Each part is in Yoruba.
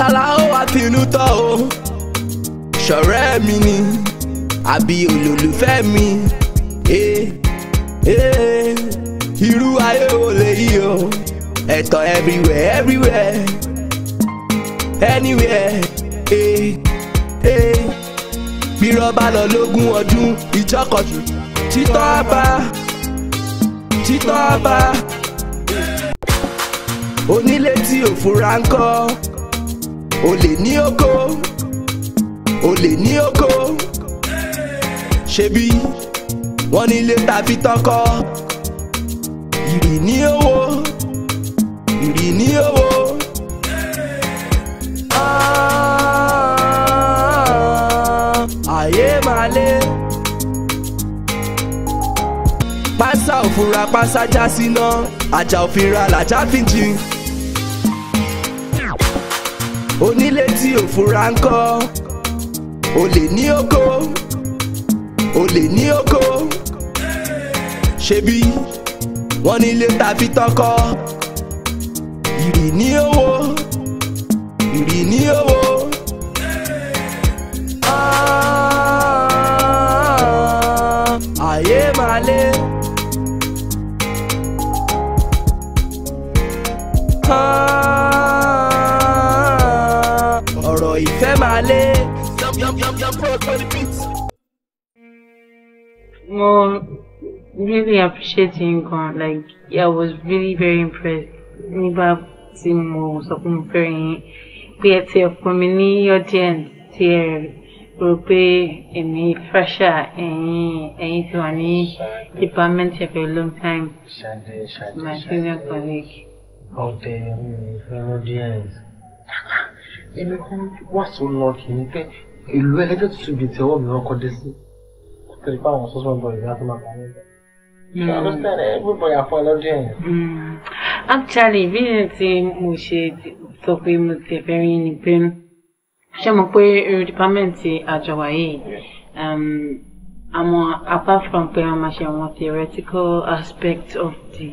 tala ó wá finú o ṣọ̀rẹ́ mi ni àbí olólùfẹ́ mi eh eh irú ayé wo lèyí o ẹ̀tọ́ everywhere everywhere anywhere eh eh bírọ̀ bá lọ lógún ọdún ìjọkọ̀tù títọ́ bá títọ́ bá onílé tí òfurá ń kọ́ olè ní oko olè ní oko ṣebí wọ́n ní ilé ta fi tọkọ ìrì ní owó ìrì ní owó. Ah, ayé máa lé pásá òfurufú pásá já síná àjà òfin ra làjà fìjì onílé tí ò fura ń kọ́ olè ní oko olè ní oko ṣebí wọ́n nílé tàbí tọkọ ìrì ní owó ìrì ní owó. really appreciating gan like yeah, I was really very impressed nígbà tí mo sọ pé mo fẹ́ràn yín pé ẹ ti ẹ̀kún mi ní audience tí ẹ rò pé èmi fàṣà ẹ̀yìn ẹ̀yìn ti wà department ẹ̀ for a long time my senior colleague. ọ̀tẹ̀ mi ò fẹ́ audience èmi kò wá so lọ kì í pé ìlú ẹlẹ́jọ́ tuntun bíi tẹ̀wọ́ mi wọ́n kọ́ dé sí. tẹ̀lé àwọn sọ́sọ́ gbọ́ ìyá tó máa bá wọn bẹ̀ mm. understand? Mm. Actually, bí ẹ ti mo ṣe sọ pé mo ti fẹ́ rí ni pé ṣé mo pé irú dìpámẹ́ǹtì àjọ wa yìí um, àwọn apart from pé wọ́n máa ṣe àwọn theoretical aspect of the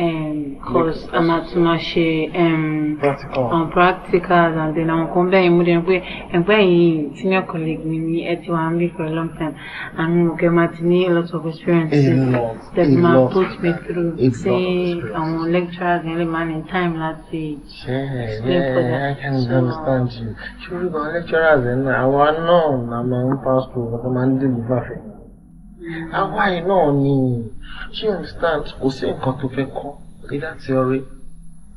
um, course a máa tún máa ṣe um, practicals and then àwọn kan bẹ́ẹ̀ mú dẹ́nu pé ẹgbẹ́ yìí senior colleague mi ni ẹ ti wà ń bí for a long time àmì òkè máa ti ní a lot of experiences that ma put me through ṣé àwọn lecturers yẹn lè máa ní time láti explain for them. I can understand you ṣùgbọ́n lecturers yẹn náà àwa náà la máa ń pass through wọ́n máa ń deliver fẹ́ àwa yìí náà ni ṣé o understand kò sí nǹkan tó fẹ́ kọ́ either theory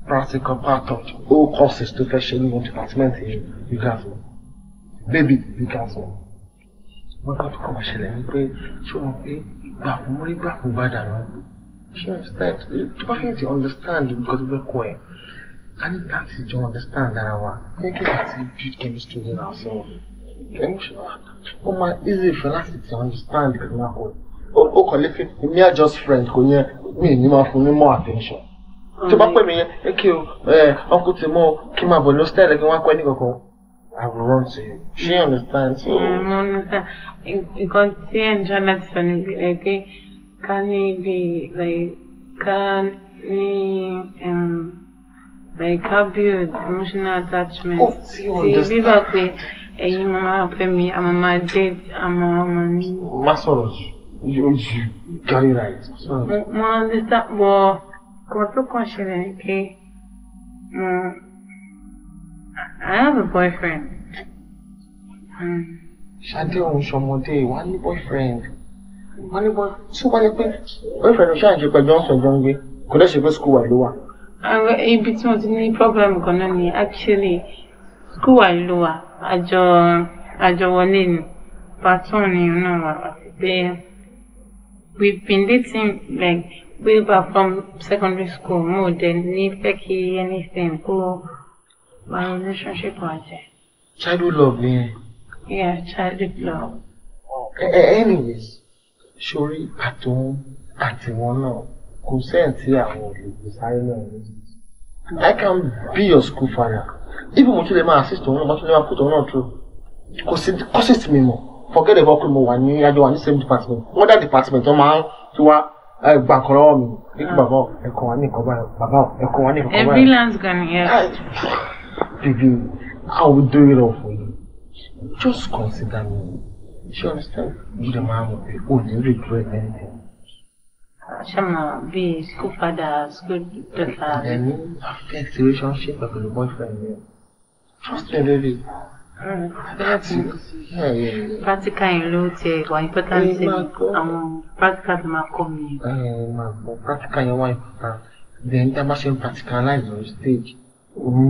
practical part of the whole courses tó fẹ́ ṣe nínú department yìí you gats know baby you gats know wọ́n gbọ́dọ̀ kọ́ ṣẹlẹ̀ ní pé ṣé o pé ìgbà fún rí gbà fún gbàdà náà ṣé o understand tó bá fẹ́ ti understand nǹkan tó fẹ́ kọ́ ẹ̀ a ní láti jọ understand ara wa make we ti build chemistry in ourselves ó máa easy fún láti ti understand the àkọ́ ó kàn lé fún mi are just friend kò yẹn mi ì ní máa fún more attention tó bá pè mí yẹn ẹ kí o ẹ ọkùn tí mo kí máa bọ̀ ní hostel kí wọ́n á kọ́ ẹ ní kankan I will run to you she mm, understand. mo ń ta nǹkan tí ẹ̀ ń jọ láti sọ ní ìpínlẹ̀ pé ká ní bí ká ní um, ká build emotional attachment oh, sí bíbá pé ẹ̀yin máa fẹ́ mi àmọ́ máa dé àmọ́ ọmọ mi. má sọ̀rọ̀ jù yóò jù kárí ra ẹ̀. mo ti sábọ̀ kan tó kàn ṣẹlẹ̀ ni pé mo I have a boyfriend. Hmm. Ṣadé òun ṣọmọdé What ní boyfriend wà ní boy tí wọ́n ní pé boyfriend ṣáà ń ṣe pẹ̀lú ọ̀sán jọ ń gbé kò dẹ́ ṣe pé school wà ló wà. ibi tí mo ti ní problem kan náà ni actually school wà ló àjọ àjọ wọlé ni patron ni inú wa àti pé we been dating like way back from secondary school mo ò dẹ̀ ní fẹ́ kí anything kó my relationship wa jẹ́. childhood love ni. yeah childhood love. Oh, anyways sori pàtó àtiwọn náà kò sẹ́ǹtì àwọn olùgbòsáyé náà níbi. I can be your school father. Even mo you lè máa assist òun náà, mo tún lè máa put on náà through. Kò sí kò sí Forget about pé mo wà ní ajọ same department. Wọ́n dá department wọn máa ń tí wá gbà kan lọ́wọ́ mi. Nígbà bàbá ẹ̀kọ́ wa ní Every land's gone here. Baby, I will do it all for you. Just consider me. You understand? You the man with the only regret anything. Shama be school father, school daughter. Then you affect relationship with your boyfriend. Trust me, baby. Mm, Alright. That's Yeah, yeah, yeah. Practical in low tech, one important eh, thing. Um, practical to my coming. Eh, man, practical in your wife. The tá a bá ṣe practicalize on stage.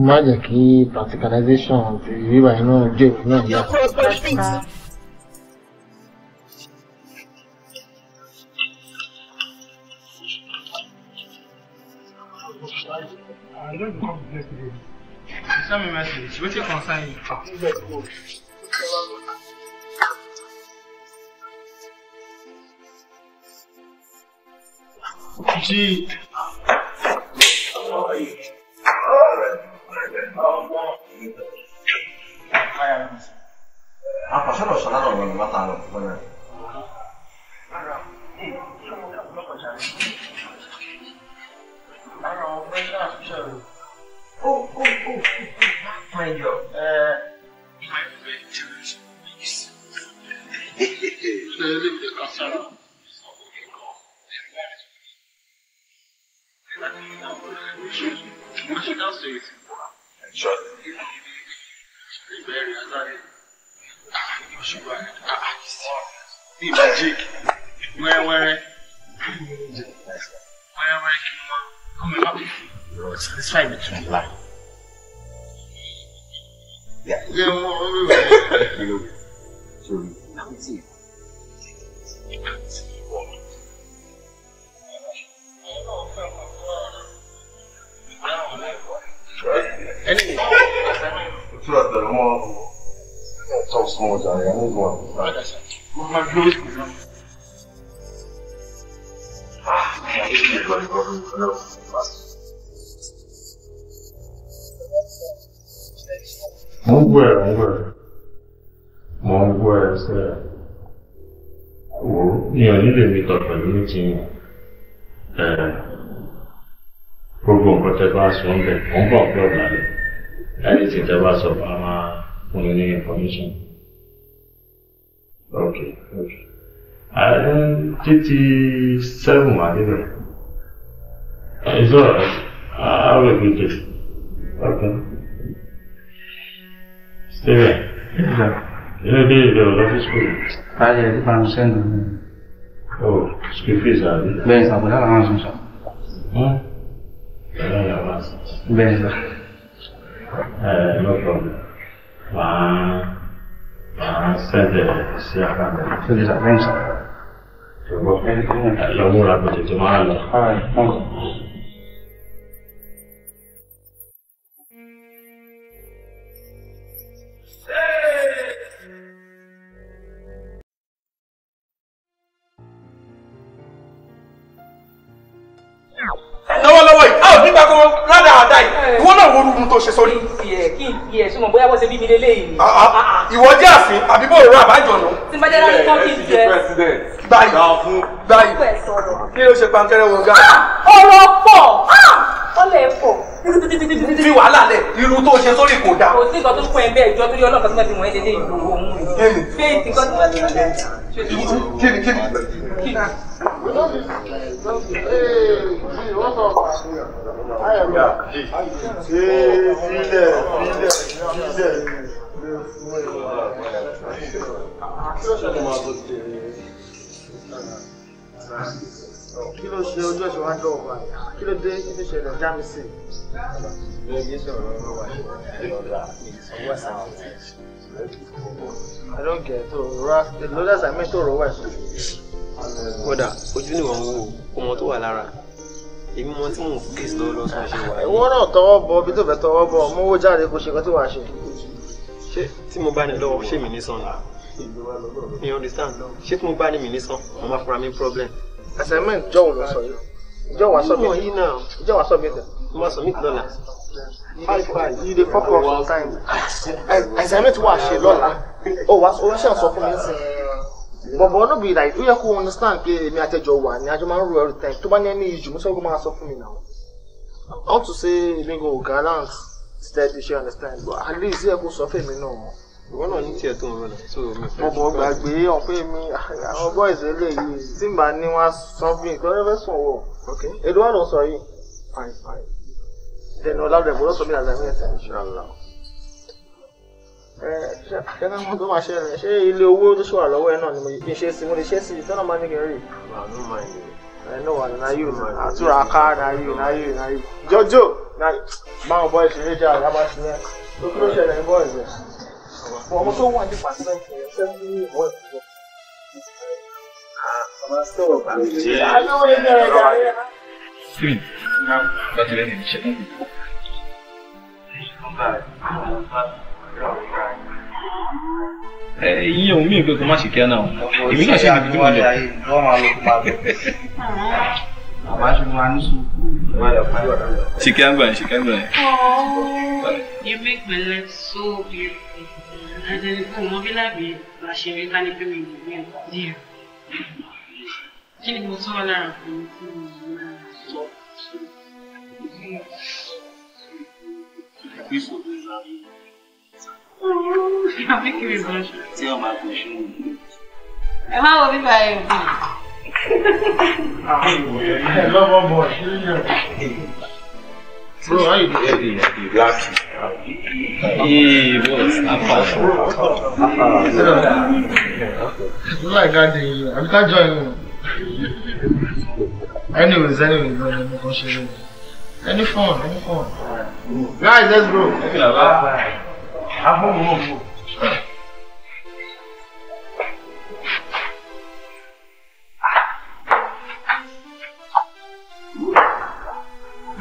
Má jẹ́ kí practicalization ti rí báyìí náà jẹ́ ìpínlẹ̀ yìí. I don't come yesterday. You send me message. What you concern you? Let's go. you? when you ask me so. Oh, oh, oh, oh, my girl. Uh, my breakthroughs, please. Let me get Kasara. Mo ṣe dá ṣe ìsìnkú. Ṣọ́ ìbẹ̀rẹ̀ àtàrí. Ṣùgbọ́n àkìsí ní magic wẹ́rẹ́wẹ́rẹ́ wẹ́rẹ́wẹ́rẹ́ kí n máa. I will not be free. You will satisfy me to the life. Yeah. You know it. You know it. So, now it's it. Anyway, if you are the one, talk small, I am one. Mama, close. Mo ń gbọ́ ẹ̀, mo ń gbọ́ ẹ̀. Mo ń gbọ́ ẹ̀ sẹ́yà. Wò ó, mi ò nílè mi tọ̀ pẹ̀lú ní ti gbogbo nǹkan tẹ bá sọ ń bẹ̀. Mo ń bọ̀ pé ọ̀la rẹ̀ títí seven wà níbẹ̀. it's all right how we go get okay stay there. ilé dé ìbẹ̀ ọ̀ lọ́fíìsì kò yẹ. báyìí ẹ̀ nípa àwọn sẹ́ńdù mi. oh school fees àbí. bẹ́ẹ̀ sà bọ̀dá làwọn sùn sà. bọ̀dá làwọn sùn. bẹ́ẹ̀ sà. ẹ no problem. màá màá sẹ́ńdẹ̀ sí àkàndẹ̀. sọ́jà sà bẹ́ẹ̀ lọ múra kó tètè máa lọ. lọ́wọ́lọ́wọ́ yìí a ò nígbà kó rádà àdá yìí ìwọ náà wo orúkú tó ṣe sórí. kí ẹ kí kí ẹ súnmọ́ bóyá wọ́n ṣe bí mi lélẹ́yìn. Ah, ah, ah. ìwọ jẹ́ àfin àbí bó rọ àbájọ nù. tí n bá jẹ́ láti tán kí n jẹ báyìí báyìí kí ló ṣe pankẹ́rẹ́ wọn gáà. ọ̀rọ̀ pọ̀ ó lè pọ̀. fi wàhálà lẹ̀ irú tó ṣe sórí kò dáa. kò sí nǹkan tó ń pọ̀ ẹgbẹ́ ìjọ tó yọ ọlọ́kan tó ń wọ́n ṣe lé ìlú òun rẹ̀. fẹ́ẹ̀tì kan tó wọ́n ṣe lé kíni kíni. Filẹ̀ filẹ̀ filẹ̀ kí ló ṣe ojú ẹ̀ṣọ́ wájú ọba kí ló dé kí ló ṣẹlẹ̀ já mi sí. ló yé sọ̀rọ̀ ọ̀rọ̀ wa ìrọ̀lá ìsanwó àṣàkìtì. I don't get to ra lórí àṣàmì tó rọ̀ wá ẹ̀ṣọ́. kódà ojú ni wọn ń wo ọmọ tó wà lára èmi mọ tí mò ń fúkè sí lọ́wọ́ lọ́sàn ṣe wà. ìwọ náà tọwọ́ bọ ibi tó fẹ́ tọwọ́ bọ mówó jáde kó ṣe kan tí wàá ṣe. ṣé tí mo bá ní lọ́wọ́ ṣé mi ní sọnù you understand no ṣé tí mo bá ní mi ní sàn mo máa fura mi problem. assignment jọ òun lọ sọ yìí jọ wàá sọ mi jọ wàá sọ mi tẹ. mo máa sọ mi lọ́la. five five you dey fok up sometimes assignment wà ṣe lọ́la ó wàá ṣe àṣọ fún mi sí bọ̀bọ̀ no be like ó yẹ kó understand pé èmi àtẹ̀jọ wà ní àjọ máa ń ro every time tó bá ní ẹni ìjù mo sọ pé máa sọ fún mi náà how to say mi go gallant steady she understand but at least yẹ kó sọ fún mi náà ìwọ náà ní tiẹ̀ tó ń rọlẹ̀ tó mi fẹ́. bọ̀bọ̀ gbàgbé ọ̀pẹ mi àwọn boys eléyìí tí màá ní wọn sọ bí nǹkan ẹ sùn wọ̀ èdè wọn ló sọ yìí. dẹnu ọlọ́dẹ gbọ́dọ̀ sọ mí àgbà mi ẹ̀sẹ̀. ẹ ṣe ká mọ̀ tó máa ṣẹlẹ̀ ṣé ilé owó tó ṣòwò lọ́wọ́ ẹ náà ni mo kì í ṣe sí mo lè ṣe sí i tọ́nà máa ní kẹrì. I know one, na you, man. I took a car, na you, na you, na you bọ̀ ah, ọmọ tó wà ní pàṣẹ́ntì ń ní ìwọ ìwọ. Màmá sọ̀rọ̀ bá mi jẹ́ ọ̀rọ̀ ayé. Three, now, bàtí lẹ́yìn ìṣẹ́ náà. Ẹ yíyan omi ìgbẹ́ kò má ṣe kíá náà. Èmi náà ṣe ìdíjú lọ. Màmá ṣe máa ní sùn. Ṣìkẹ́ àgbà You make my life so beautiful àtẹnukú máa sọ. bíbá ẹ̀ Àwọn ah, ìwòye ẹ̀ lọ́mọ bọ̀ ṣe Bro, how you doing? Hey, lucky. Hey, boss, I'm fine. You like that day, I can't join you. Anyways, anyways, I'm going to show you. Any phone, any phone. Guys, let's go. I'm home, home.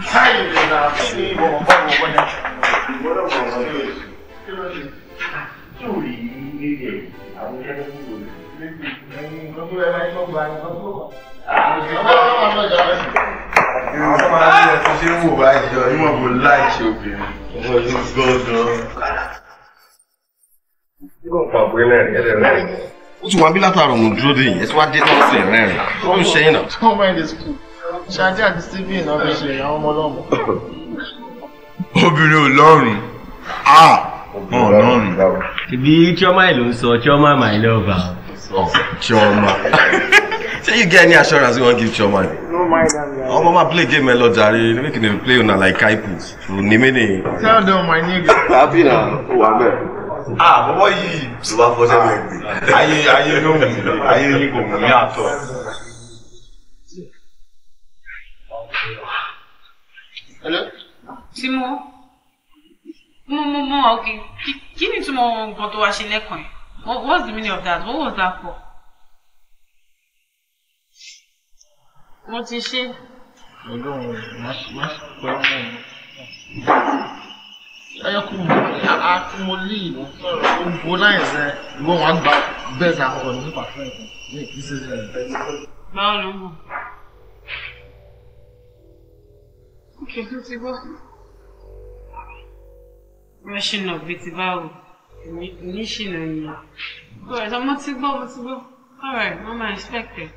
Hey! náà ó ti wá bí látàrọ̀ mọ̀ dúró dé yìí ẹ ti wá dé náà sí rẹ̀ ó ń ṣe yín náà ṣáájú àti stephen náà fi ṣe àwọn ọmọ ọlọ́mọ. obìnrin ò lọ́rùn obìnrin ò ibi chioma ló ń sọ chioma my lover. oh chioma say you get any assurance you wan give chioma. no mind am guy. ọmọ ma play game ẹ lọ jàre make you dey play una like kaipu nimene. tell them my nigga. happy na wà bẹ́ẹ̀ ah bọ́bọ́ yìí ló bá fọ́ṣẹ́ mi gbé ayé ayé ló mú mi ayé yìí kò mú mi àtọ̀. Hello? Timo. Mo mo mo ah, okay. Kí ni túmọ̀ nǹkan tó wá ṣe lẹ́kàn ẹ̀? What's the meaning of that? What was that for? Mo ti ṣe. Ọlọ́run má pẹ́ mọ́ mi. Ẹyọ kú mi, àá kú mo lé ìlú. Ó ń bo láì rẹ̀, ìwọ wàá gba bẹ́ẹ̀ ta ọ̀rọ̀ nípa fún ẹ̀kọ́. Báwo ló ń bọ̀? Okay, tó ti gbọ́. Rushing up bíi ti báwo, èmi ṣìnà yìí. Bọ̀dọ̀ sọ, mo ti gbọ́, mo ti gbọ́. All right, mo máa expect it.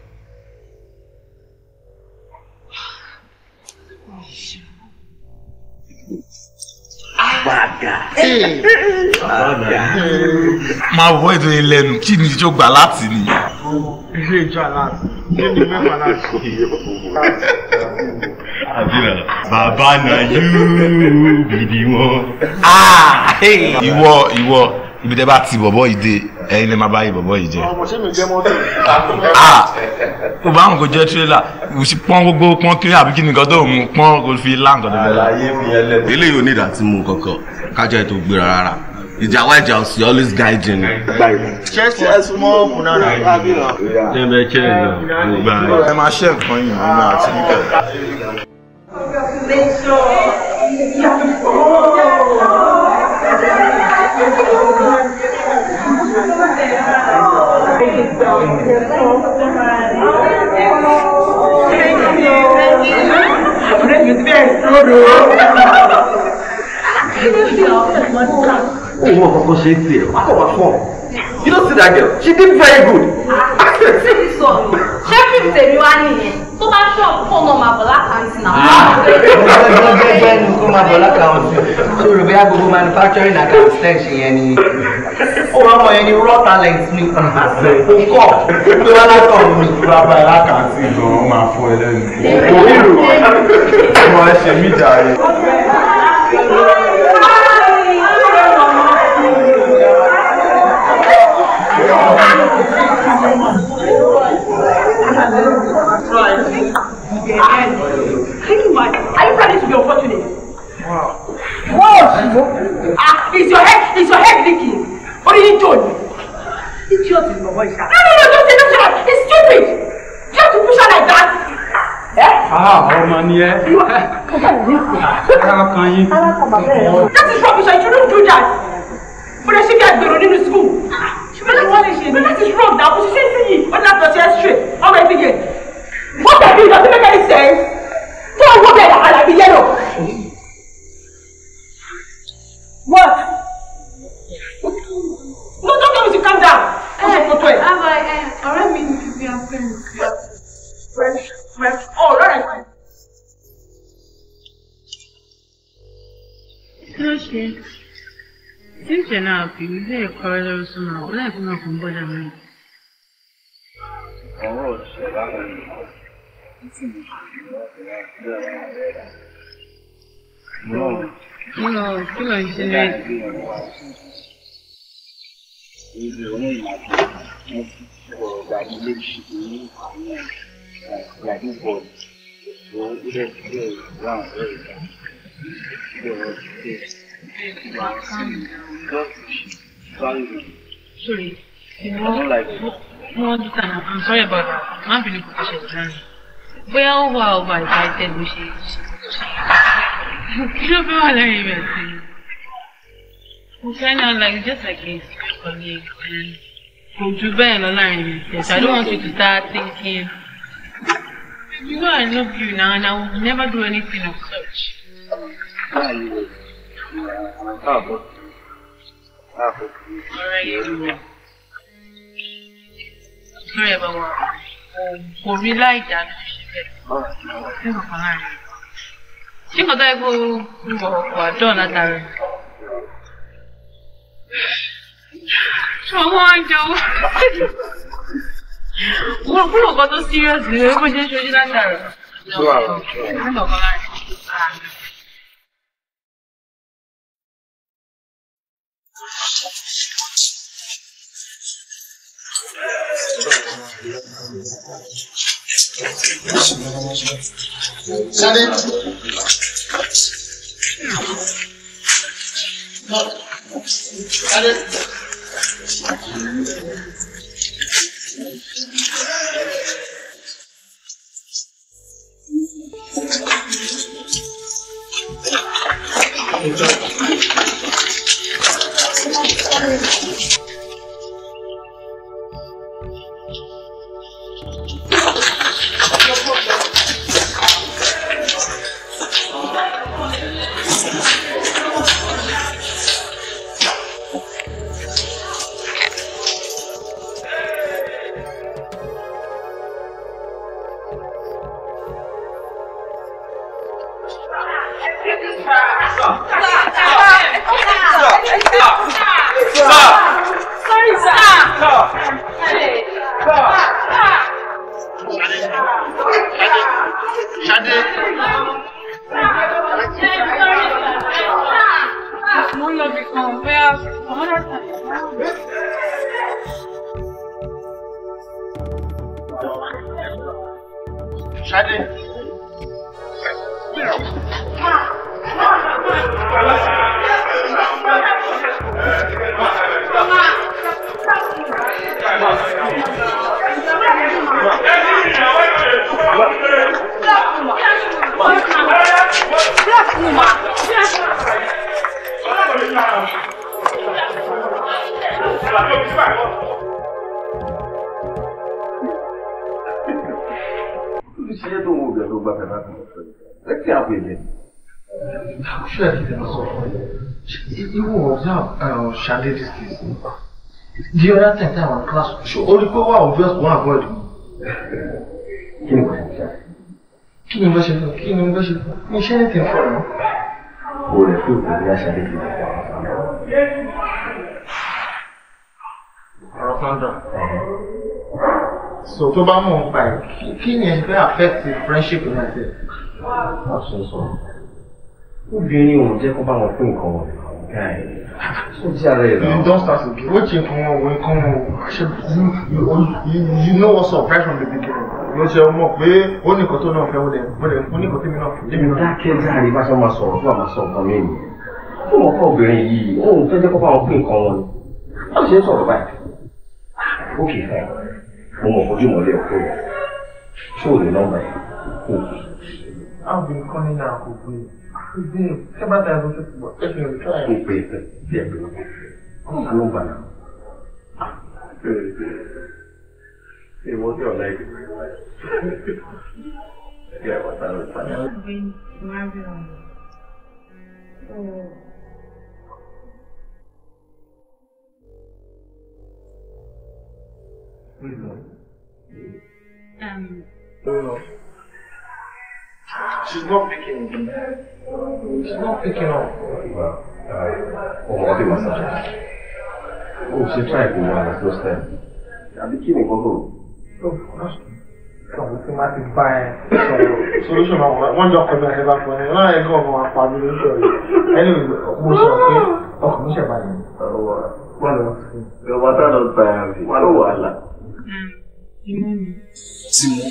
Àgbàgà. Àgbàgà. Máa wọ ètò kí ni ìjọ gbà láti ni. Ilé ìjọ aláàtì, ilé ìjọ mẹ́fà láti. àbíràn bàbá náà yóò bìdì wọn. Ah, ìwọ ìwọ ibi tẹ bá ti bọ̀bọ̀ yìí dé ẹ̀yin lè má bá yìí bọ̀bọ̀ yìí jẹ. ọmọ ṣé mi jẹ mọ́tò. Ah, bá wọn kò jẹ tirẹla pọ́n gbogbo pọ́n kiri àbí kí nìkan tó mú pọ́n kò fi lá nǹkan tó fẹ́ la. eléyìí ò ní ìdá tí mo kankan kájà ètò gbéra rárá ìjà wa ìjà òsì always guide ni. chess chess mọ muna na abira. ṣé bẹ chess náà. ẹ máa ṣe nǹkan yìí nínú àti Oh, Oh, she did. What was wrong? You don't see that girl. She did very good. Chef, you said you are in here tó bá ṣọ̀ kó mọ màbọ̀ lákàntì náà. jẹ́jẹ́jẹ́ ni kó máa bọ̀ lákàntì tó rò bóyá gbogbo manufacturing account ah! ten ṣe yẹn ni ó wá mọ yẹn ni raw talent ni kọ́ pé wọ́n lákàn mi. bàbá lákàntì gan-an máa fọ ẹlẹ́nu. òwúrò wọ́n ṣe mí jàre. nìyẹn. ara kan yín. láti rubbish I shouldn't do that. mo lè ṣe bí agbèrò nínú school. ṣùgbọ́n láti ṣe bí láti rub náà kò ṣiṣẹ́ sí yìí ó ní àtọ̀ṣe ẹ̀ straight ọmọ ìbí yẹn. wọ́n tẹ̀lé ìdọ̀tí mẹ́kẹ́lì sẹ́yìn. ilé ẹ̀kọ́ ẹlẹ́sìn náà ọ̀rẹ́ ẹ̀kọ́ náà kò ń bọ́jà mi. ọ̀rọ̀ ṣẹ̀ lára mi mo lọ kí ló ń ṣe ní. ilé oní ìlànà mo fi ọ̀rọ̀ gbàgbé lóṣù tó ní àwọn gbàgbé bọ̀ọ̀lù tó ilé ìgbẹ́ ìgbà ọ̀rẹ́ ìgbà ìgbẹ́ ọ̀rẹ́ ìgbà. Sorry. You know, like No, I'm sorry about that. I'm feeling professional now. Well, well, well, I said we should. You don't feel like you're kind of like just like a colleague and kò ju bẹ́ẹ̀ lọ Yes, I don't want you to start thinking. You know I love you now and I will never do anything of such. Mm. Káàbọ̀. Káàbọ̀. Ọ̀rẹ́ yìí wọ̀. Ìbúrẹ̀ bàbá kò rí láì dáná ṣe bẹ́ẹ̀. Ṣé kò kàn láàrin? Ṣé kò dáa kó wọ̀ wà dán látàrí? Ṣé wọ́n wá ń jọ wọ́n? Wọ́n kúrò kan tó serious ni wọ́n ṣe ń ṣojú látàrí. Ṣé wàá rọ̀? Ṣé kò kàn láàrin? Sade. Sade. Sade. dé this place the other time time on class ṣo ó rí pé wà ó just one avoid me. kí ni wọ́n ṣe kí ni wọ́n ṣe fún kí ni wọ́n ṣe fún mi ṣe anything for ọ. o rẹ̀ fún òkú ní àṣà lẹ́kọ̀ọ́. ọ̀rọ̀ sandra uh-huh. so tó bá mọ̀ ń pa ẹ̀ kí ni ẹ fẹ́ affect friendship náà tẹ̀. má sọ sọ obìnrin ò jẹ́ kó bá wọn pín nǹkan wọn. You don't start to what you come on when come on. You, you, you know what's up right from the beginning. Mo ṣe mọ̀ pé ó ní nǹkan tó náà fẹ́ wọlé wọlé ó ní nǹkan tó mi náà fún mi. Dákẹ́ láàrin bá ṣe máa sọ̀rọ̀ fún àwọn sọ̀rọ̀ kan mí nìyẹn. Fún ọkọ obìnrin yìí, òun fẹ́ jẹ́ kó fáwọn pé nǹkan wọn ni. Wọ́n ṣe ń sọ̀rọ̀ báyìí. Ó kì í fẹ́. Mo mọ̀ fojú mọ̀lẹ́ ọkọ rẹ̀. Ṣé ò lè nọ́mbà yẹn? Àwọn obìnrin kan ní náà kò Извини, все брата я звучит с тобой. Это не лицо. Тупые ты, бегай. Куда ломба нам? И вот я на этой Я вот так вот понял. Um. Oh. She's not picking. She's not picking up. Well, uh, oh, I do my subject. Oh, she's trying to one the first time. I'll be kidding for who? Oh, gosh. Come, we might be buying solution of one doctor that has for And I go for my family. Anyway, most of oh, it. Oh, most of it. Oh, what? One of it. Well, what are those buying? What are those? Timo,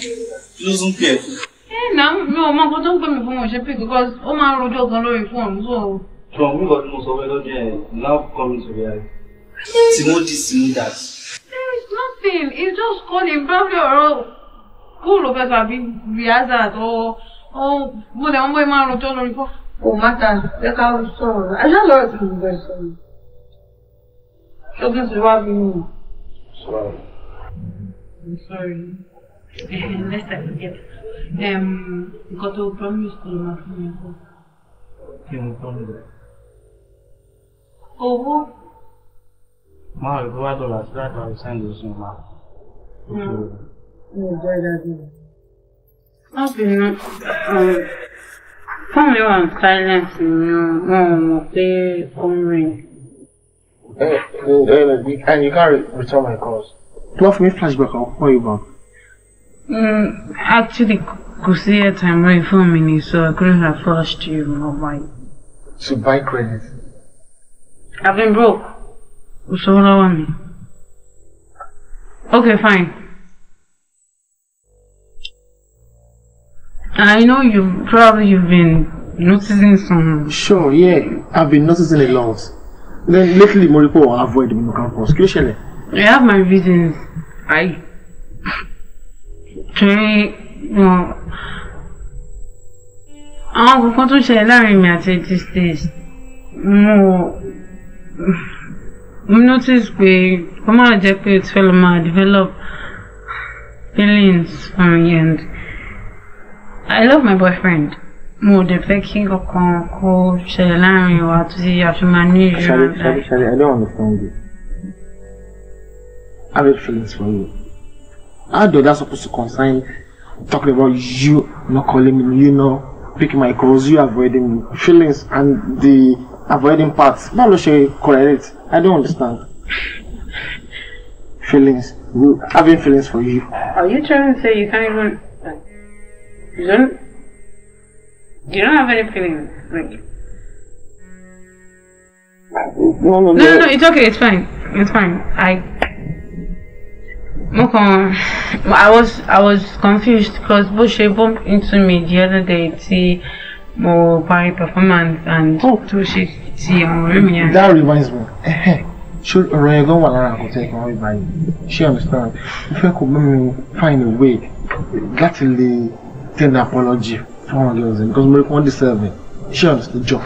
you don't care ẹ̀nà eh, mi ò mọ nǹkan tó ń pè mí fún òun ṣe pé because ó máa ń rojọ́ gan lórí fóònù so. ṣùgbọ́n mi kò tún mo sọ fẹ́ lọ́jọ́ yẹn love comes to reality. Timothy Snidas. there is nothing it's just calling probably ọ̀rọ̀ kúrò fẹ́ tàbí rehearsals or or mo dẹ̀ wọ́n bóyá máa rojọ́ lórí fóònù. kò mátà jẹ́ ká sọ̀rọ̀ àṣà lọ́rọ̀ tí mo bẹ̀ sọ̀rọ̀ ṣókè sí wá bí mi. sorry. sorry. Ledsen. Um, Gott og Bromley skulle man fún mi kọ. Kí ni tó ń lò? Owó. Máa rí tó bá dọ̀là sí láti àwọn sẹ́ńdì oṣù máa. Mi ò jẹ́ ìdájọ́. Má bínú. Fún mi wà ní silence ni wọn ò mọ̀ pé ó ń and you can't return my calls. Do you fi me flashback or what, you ìbọn. Mm, actually, kò sí airtime lórí fóònù so I couldn't have flashed you or my. So buy credit. I've been broke. Kò sówó lọ́wọ́ mi. Okay, fine. I know you probably you've been noticing some. Sure, yeah, I've been noticing a lot. Then lately, mo rí avoid me on campus. Kí I have my reasons. I torí wọn àwọn kankan tó ṣẹlẹ̀ láàrin mi àti eighty states mo mo notice pé kó má jẹ́ pé o fẹ́ lọ máa develop feelings for me and I love my boyfriend mo dẹ̀ fẹ́ kí kankan kó ṣẹlẹ̀ láàrin wa tó ti àfihàn ní ìlú. Ṣàlẹ̀ Ṣàlẹ̀ I don't understand you. I have feelings for you. How do that supposed to concern talking about you not calling me, you know, picking my calls, you avoiding me, feelings and the avoiding parts? Now no you correlate. I don't understand. Feelings. Having feelings for you. Are you trying to say you can't even like, you don't you don't have any feelings like no, no, no, no, no, it's okay, it's fine. It's fine. I mo i was i was confused because bó ṣe bump into me the other day tí mo parí performance and oh. tó ṣe ti àwọn ọ̀rẹ́ mi yẹn. that reminds me ṣé ọ̀rọ̀ yẹn gan wà lára àkọ́tẹ́ ìkan wọ́n báyìí ṣé understand ìfẹ́ kò mú mi find a way láti lè tend apology fún àwọn girls yẹn because mo rí pé wọ́n deserve it ṣé understand jọ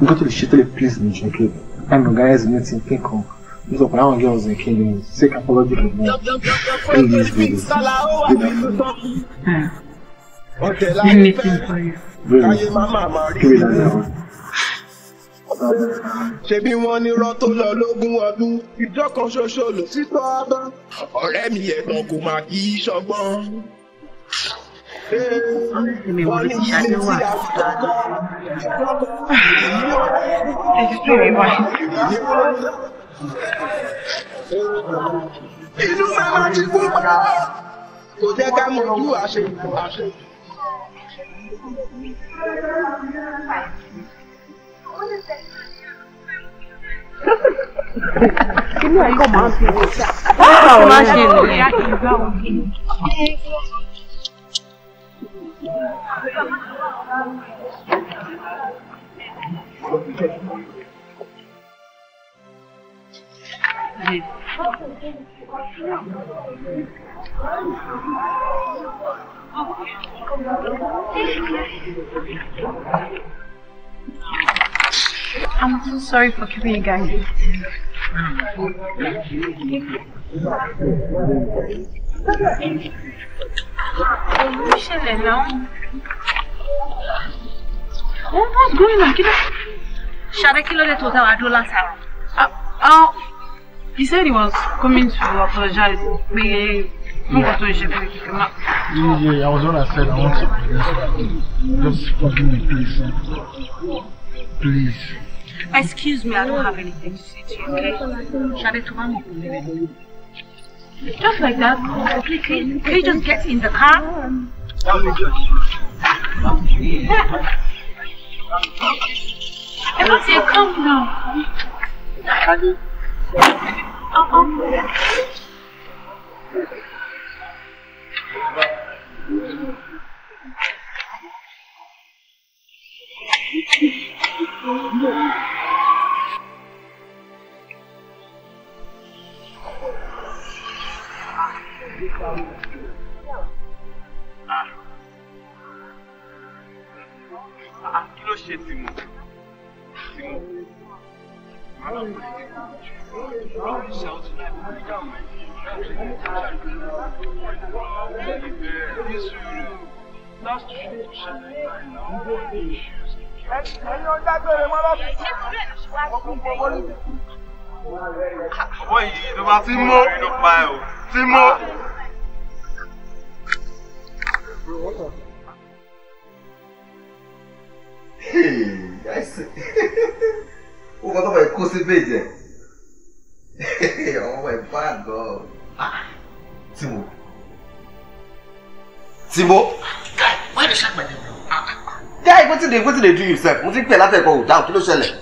nǹkan tó lè ṣe tó lè please me jù ní pé lánàá guys meeting kankan. These of our girls in Kenya seek apological more in these videos. Anything for you. Really? Give me that now. ṣebí wọn ní irọ́ tó lọ lógún ọdún ìjọ kan ṣoṣo ló sì tọ́ ọ̀rẹ́ mi ẹ̀gbọ́n kò máa kí í ṣọgbọ́n. wọ́n ní ilé tí a fi tọ́kọ́ ìjọba ìjọba ìjọba inú bàbá ti kú pa kò jẹ́ ká mọ ojú àṣẹ ìlú Thank you. I'm so sorry for keeping you guys. Oh, what's going on? Shall I kill the total? I do last time. He said he was coming to apologize. Just forgive me, please. Please. Excuse me, I don't have anything to say to you, okay? Shall I tell you? Just like that. Please, can, you just get in the car? Ah, kí ló ṣe tìmọ̀? Tìmọ̀. Màá lọ fún ẹ̀yin yìí ló bá ti mọ́ ti mọ́. Hey, guys. tó bá yẹ kó sí bèjì Oh my bá gan-an. Timo. Timo. Guy, why you shout my name now? Ah, ah, ah. Guy, they, what did they do yourself? Mo ti pè látẹ̀kọ̀ ò dáhùn kí ló ṣẹlẹ̀?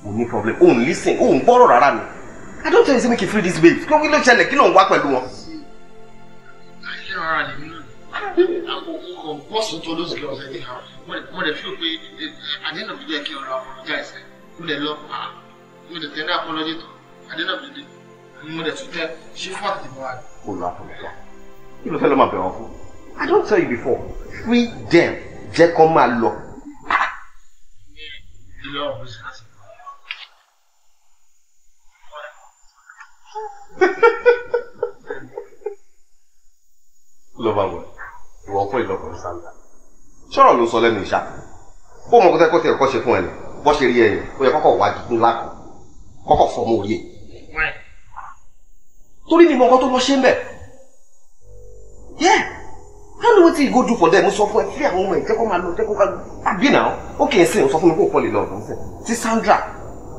o ní problem o n lis ten o n gbọ́rọ̀ rárá ni i don't tell you to make you free this babe kí ló ṣẹlẹ̀ kí ló ń wá pẹ̀lú wọn you know around him. I go bust into those girls anyhow. When they feel pain, at the end of the day, apologize. When they love her, when they tender apology to at the end of the day, when they tell her, she Kò lọ àpòlọ́pọ̀. Kí ló fẹ́ lọ́ máa bẹ̀rẹ̀ wọn fún? I don tell you before, free them jẹ́ kó máa lọ. Ilé Ha ha ha! loverboy ìwọ fún ìlọkùnrin sanda ṣọ́rọ̀ ló sọ lẹ́nu ìṣá ó mọ kọ́tẹ́ kọ́tẹ́ ẹ̀kọ́ ṣe fún ẹ nù bọ́ ṣe rí ẹ yẹn ó yẹ kọ́kọ́ wá gígùn lákàn kọ́kọ́ fọmọ òye torí mi mọ ọkọ tó lọ ṣe ń bẹ̀ yeah how do wetin you go do for them sọ fún ẹ fi àwọn ọmọ ẹ jẹ́ kó máa lọ jẹ́ kó ká àbí ah, nà ó ó kì í sìn sọ fún mi kó pọ̀ lọ ọ̀dọ̀ nísìn Sandra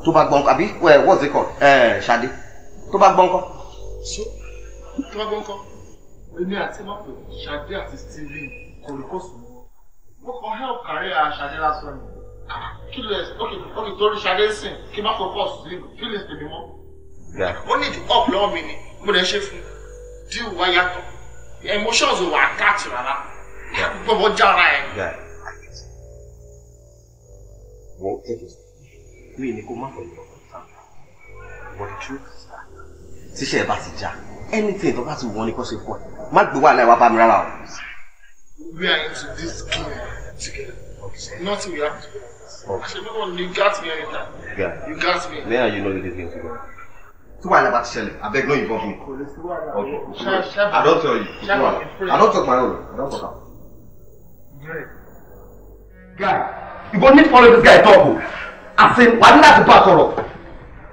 tó bá gbọ́n àbí eh, what's it called eh, ṣadé tó bá gbọ́n kọ́. tó bá gbọ́n kọ́ èmi àti mọ́pẹ́ ṣadé àti steven kò rí kóso mo kàn help kárí ṣadé lásán ni ah, kí ló ẹ ok ok torí ṣadé sìn kí má focus sí kí lè tèmi mọ́. ó ní ìdí up lọ́wọ́ mi ni mo lè ṣe fún díù wá yàtọ̀ emotions ò wà attached rárá gbọ́dọ̀ jára ẹ̀. wọ́n tẹ̀lé mi ni kó má fọ̀ yọ̀ but the truth is that tíṣẹ́ bá ti já anything tó bá ti wọ́n ni kó ṣe fún ẹ má gbé wàhálà ìwà bá mi rárá o. we are into this game together nothing we have to do. Okay. Actually, no you got me anytime. You got me. Then yeah, you know you did things together. Two and about Shelly. I beg no involve me. Okay. I don't tell you. I don't talk my own. I don't talk out. Guy, you gonna need to follow this guy talk. I said, why did I have to pass all up?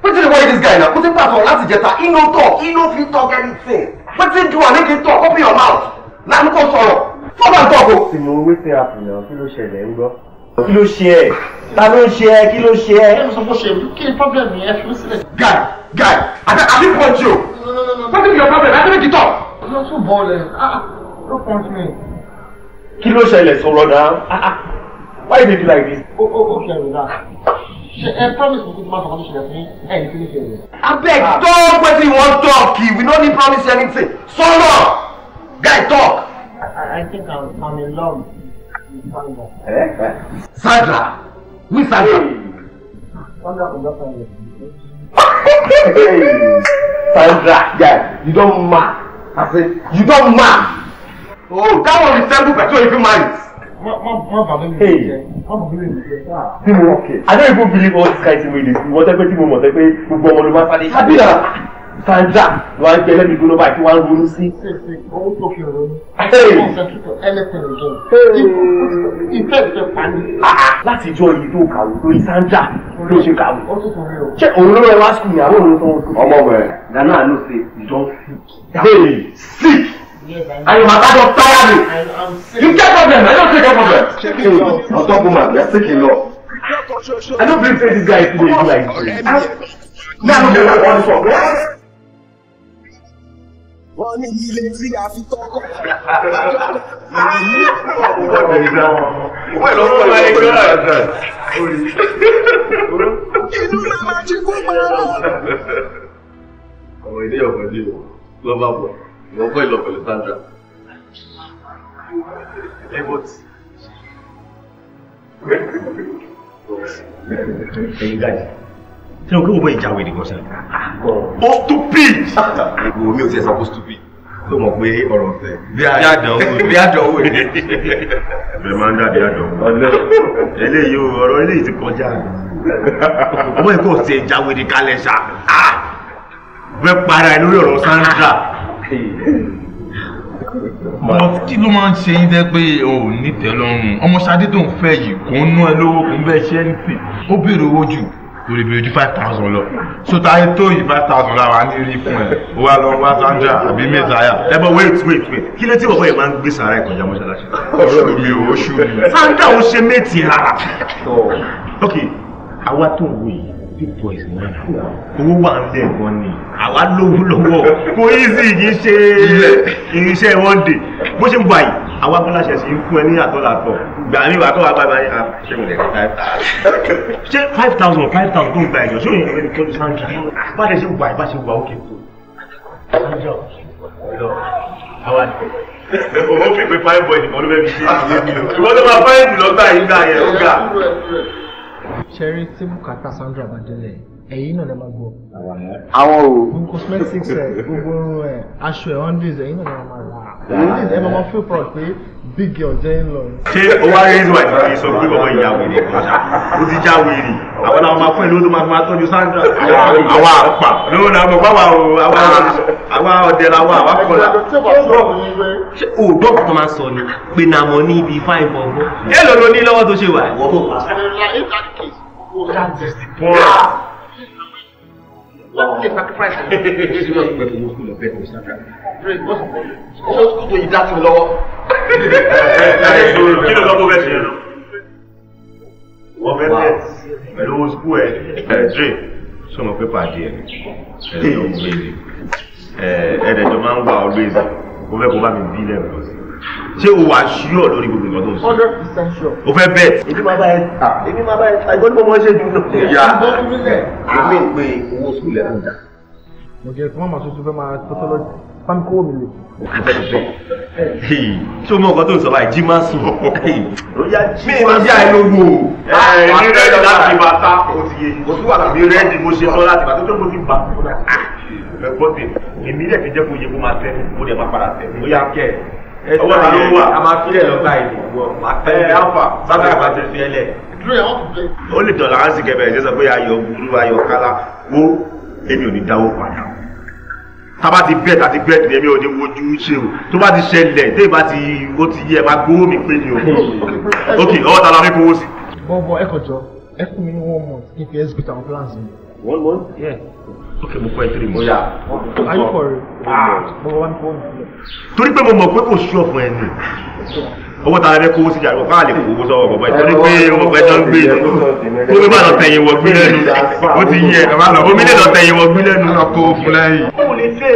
What is the way this guy now? Put him pass all, that's the jetta. He no talk. He no fit talk anything wetin do i make you talk open your mouth na mi kò sọ̀rọ̀ fọwọ́ bá ń tọ́ o. sì mo wetin happen na kí ló ṣẹlẹ̀ ń gbọ́. kí ló ṣe ẹ ta ló ṣe ẹ kí ló ṣe ẹ. ẹ mi sọ fún ṣe kí ni yẹn fi sílẹ̀. guy guy àti àti punch ah, you. Ah, kí ló ṣẹlẹ̀ sọ̀rọ̀ náà ah, why you dey do like this. o o o ṣẹlẹ̀ náà. I promise we could not finish it. Hey, finish it. I beg, ah. talk whether you want talk. We don't need promise anything. So long. Guy, talk. I, I think I'm, I'm in love with Sandra. Eh? eh. Sandra? Who is Sandra? Sandra from that family. hey, Sandra, guys, you don't mad. I said, you don't mad. Oh, that one is simple, but you even marry. I don't even believe all this kind of thing wey dey do. Wọ́n tẹ́ pé tí mo mọ̀ tẹ́ pé gbogbo ọmọ ló máa sáré. Abira Sandra wà ń gbẹ́lẹ́ mi gbóná báyìí tí wọ́n á ronú sí. Owó tó fi ronú. Ìfẹ́ ìfẹ́ pani. Ah, ah. Láti ìjọ yìí tó kàwé lórí Sandra ló ṣe kàwé. Ṣé òun ló rẹ wá sùn ìyàwó òun tó ń sùn? Ọmọ rẹ̀ Ghana ló ṣe ìjọ sí. Sick and you matter don tire me you get problem i don't take your problem shey you on top woman you are sick in i don't believe this guy fit dey do like this now no dey like one for me. wọ́n ní ilé tí a fi tọ́kọ̀. wọ́n lọ sọ láyé kí wọ́n àgbà. inú màmá ti kú màmá. ọmọ ilé ọ̀gbọ́n dé o lọ́ba bọ̀ ìwọ bọ́ ìlọ pẹ̀lú Sandra. ẹ bọ́ tí. ẹyin dájú tí o kí wọ́n bọ́ ìjà wẹ̀ nìkan sẹ́yìn. ó stupid. ìwọ mi ò tiẹ̀ sọ pé stupid tó mọ̀ pé ọ̀rọ̀ ọ̀fẹ́ bí àdánwò bí àdánwò rẹ̀. ẹ̀bẹ̀ máa ń dàbí àdánwò. eléyìí ọ̀rọ̀ eléyìí ti kọjá àná. ọmọ ẹ̀kọ́ ọ̀sẹ̀ ìjà wẹ̀ nìkan lẹ̀ ṣá. bẹ́ẹ̀ ah! para ẹ lórí ọ̀rọ̀ Sandra ọmọ kí ló máa ń ṣe yín jẹ́ pé o ò nítẹ́ lọ́rùn ọmọ Ṣadé tó ń fẹ́ yìí kò ń ná ẹ lówó kò ń bẹ́ẹ̀ ṣe anything ó béèrè owó jù kò lè béèrè ju five thousand lọ sọta ayé tó yìí five thousand la wà ní rí fún ẹ o wa lọ wá Sandra àbí mẹsàáyà. ẹ bọ wait wait wait kí ló ti wọ̀ bọ́yìí máa ń gbé sàrà ìkọjá mọ́ṣáláṣí. oṣù mi ò oṣù mi. Sandra ò ṣe méjì rárá. ok àwa tó ń wò yìí big boys owó wà ń lẹ̀ gan ni àwa lówó lọ́wọ́ kò easy kì í ṣe irinṣẹ́ one day bó ṣe ń bọ̀ àyè àwa bọ́lá sí fún ẹ ní àtọ́làtọ̀ gbà mí wàá kọ́ wa bàbá yẹn ah, ṣé five thousand. ṣé five thousand five thousand tó ń gba ẹ̀jọ̀ ṣé òyìnbó ẹni tọ́jú sáńdra bá a lè ṣe wà bá a ṣe wà ó kì í tó sáńdra ò kì í lọ àwa ni owó fi pé fáìbọ̀ ẹnìkan ló fẹ́ fi ṣe é ìwọ́n tó máa fáìbù lọ́gbà yìí gbà yẹn ó gà ṣẹ́rí tí bùkátà Sandra bá délẹ̀ ẹ̀yìn náà lè máa gbọ́. àwọn o. cosmetics ẹ gbogbo ẹ aṣọ ẹ hundreds ẹ̀yìn náà lè máa rà. Hmm? ẹ máa máa feel proud pé big girl jẹ́ ń lọ. ṣé o wá rí ìlú àìsàn yìí sọ pé bàbá ìyá wèrè o ti já wèrè àwọn àwọn máa fún ìlú ló máa máa tọ́jú Sandra àwa àpà lóun náà bàbá wa o àwa ọ̀dẹ̀ la wa àwa kọ́lá. o gbọ́ kó máa sọ ni pé nà mọ́ ní ibi fáìn bọ̀ọ̀bọ̀. ẹ lọ́ọ́ lọ ní lọ́wọ́ tó ṣe wà. that is the point. Wọ́n ti sacrifice mi. Mo sì máa ń pẹ́ fún mi kúlọ̀ bẹ́ẹ̀ kò sábà. Ṣé o tó yìí dá sí mi lọ́wọ́? Kí ló sọ pé o fẹ́ ṣe yẹn lọ? Wọ́n fẹ́ tẹ̀ pẹ̀lú owó sukú ẹ̀. Dre, ṣé mo fẹ́ pàdé ẹ̀? Ẹ̀ẹ́dẹ̀jọ máa ń wà always. Mo fẹ́ kó bá mi bí lẹ́ẹ̀kan sí ṣé o wà ṣíọ lórí gbogbo nǹkan tó ń sọ. hundred percent sure. o fẹ́ bẹ́ẹ̀. èmi máa bá ẹ ta èmi máa bá ẹ ta ìgbọ́n ní bọ́mọ ṣe dùn náà. ìyá àmì pé owó sùkúl ẹ̀ ń dà. mo jẹ fún màmá tuntun fẹ́ máa tọ́tọ́ lọ fámi kówó mi lè. ṣé o mọ nǹkan tó ń sọ báyìí jí máa sùn. mi ì máa bí àìlówó. ẹ ẹ mi rẹ́ẹ̀dì láti bá ta o ti yé o tún wà láti rẹ́ẹ̀dì mo ṣe tọ́ láti bá tó tó mo ti bá ah, ẹ gbọ́ tèmi èmi dẹ̀ fi jẹ́ kó yẹ kó máa tẹ́ mo dẹ̀ máa padà tẹ́ mo yà kẹ́ ẹ̀ ọwọ́ ta ló wà. a máa filẹ̀ lọ́gbà ìlú wọ pàtẹ́ alfa sábà àti fiẹ́lẹ̀. ó lè dọ̀là á sì kẹfẹ́ ìṣẹ́sọ pé ayọ̀ burú ayọ̀ kálá wo èmi ò ní dáwó padà tába ti bẹ́ẹ̀ tàbí bẹ́ẹ̀ tìlẹ̀ mi ò ní wojú ṣe o tó bá ti ṣẹlẹ̀ tó bá ti ó ti yẹ máa gbówó mi pé ni o ok ọwọ́ ta la fi kówó sí. bọ́ọ̀bọ̀ ẹ̀kọ́ jọ ẹ̀kún mi ní one month kí n fi execute our plans. one month? yeah okay mo kọ́ ẹ three months. ayé kọ rẹ mo wá ní fóònù. torí pé mo mọ̀ pé kò sí ọ̀fun ẹ̀ nù owó tàbí ẹgbẹ́ kówó sí ìjà ìwọ̀ká àlè kówó sọ́wọ́ bọ̀bọ̀ ìtọ́ni pé owó pẹ̀jọ ń gbé inú kó ló bá lọ tẹ̀yìn wọ gbí lẹ́nu ó ti yẹ omi lè lọ tẹ̀yìn wọ gbí lẹ́nu ọkọ̀ òfin lẹ́yìn. ó lè dé.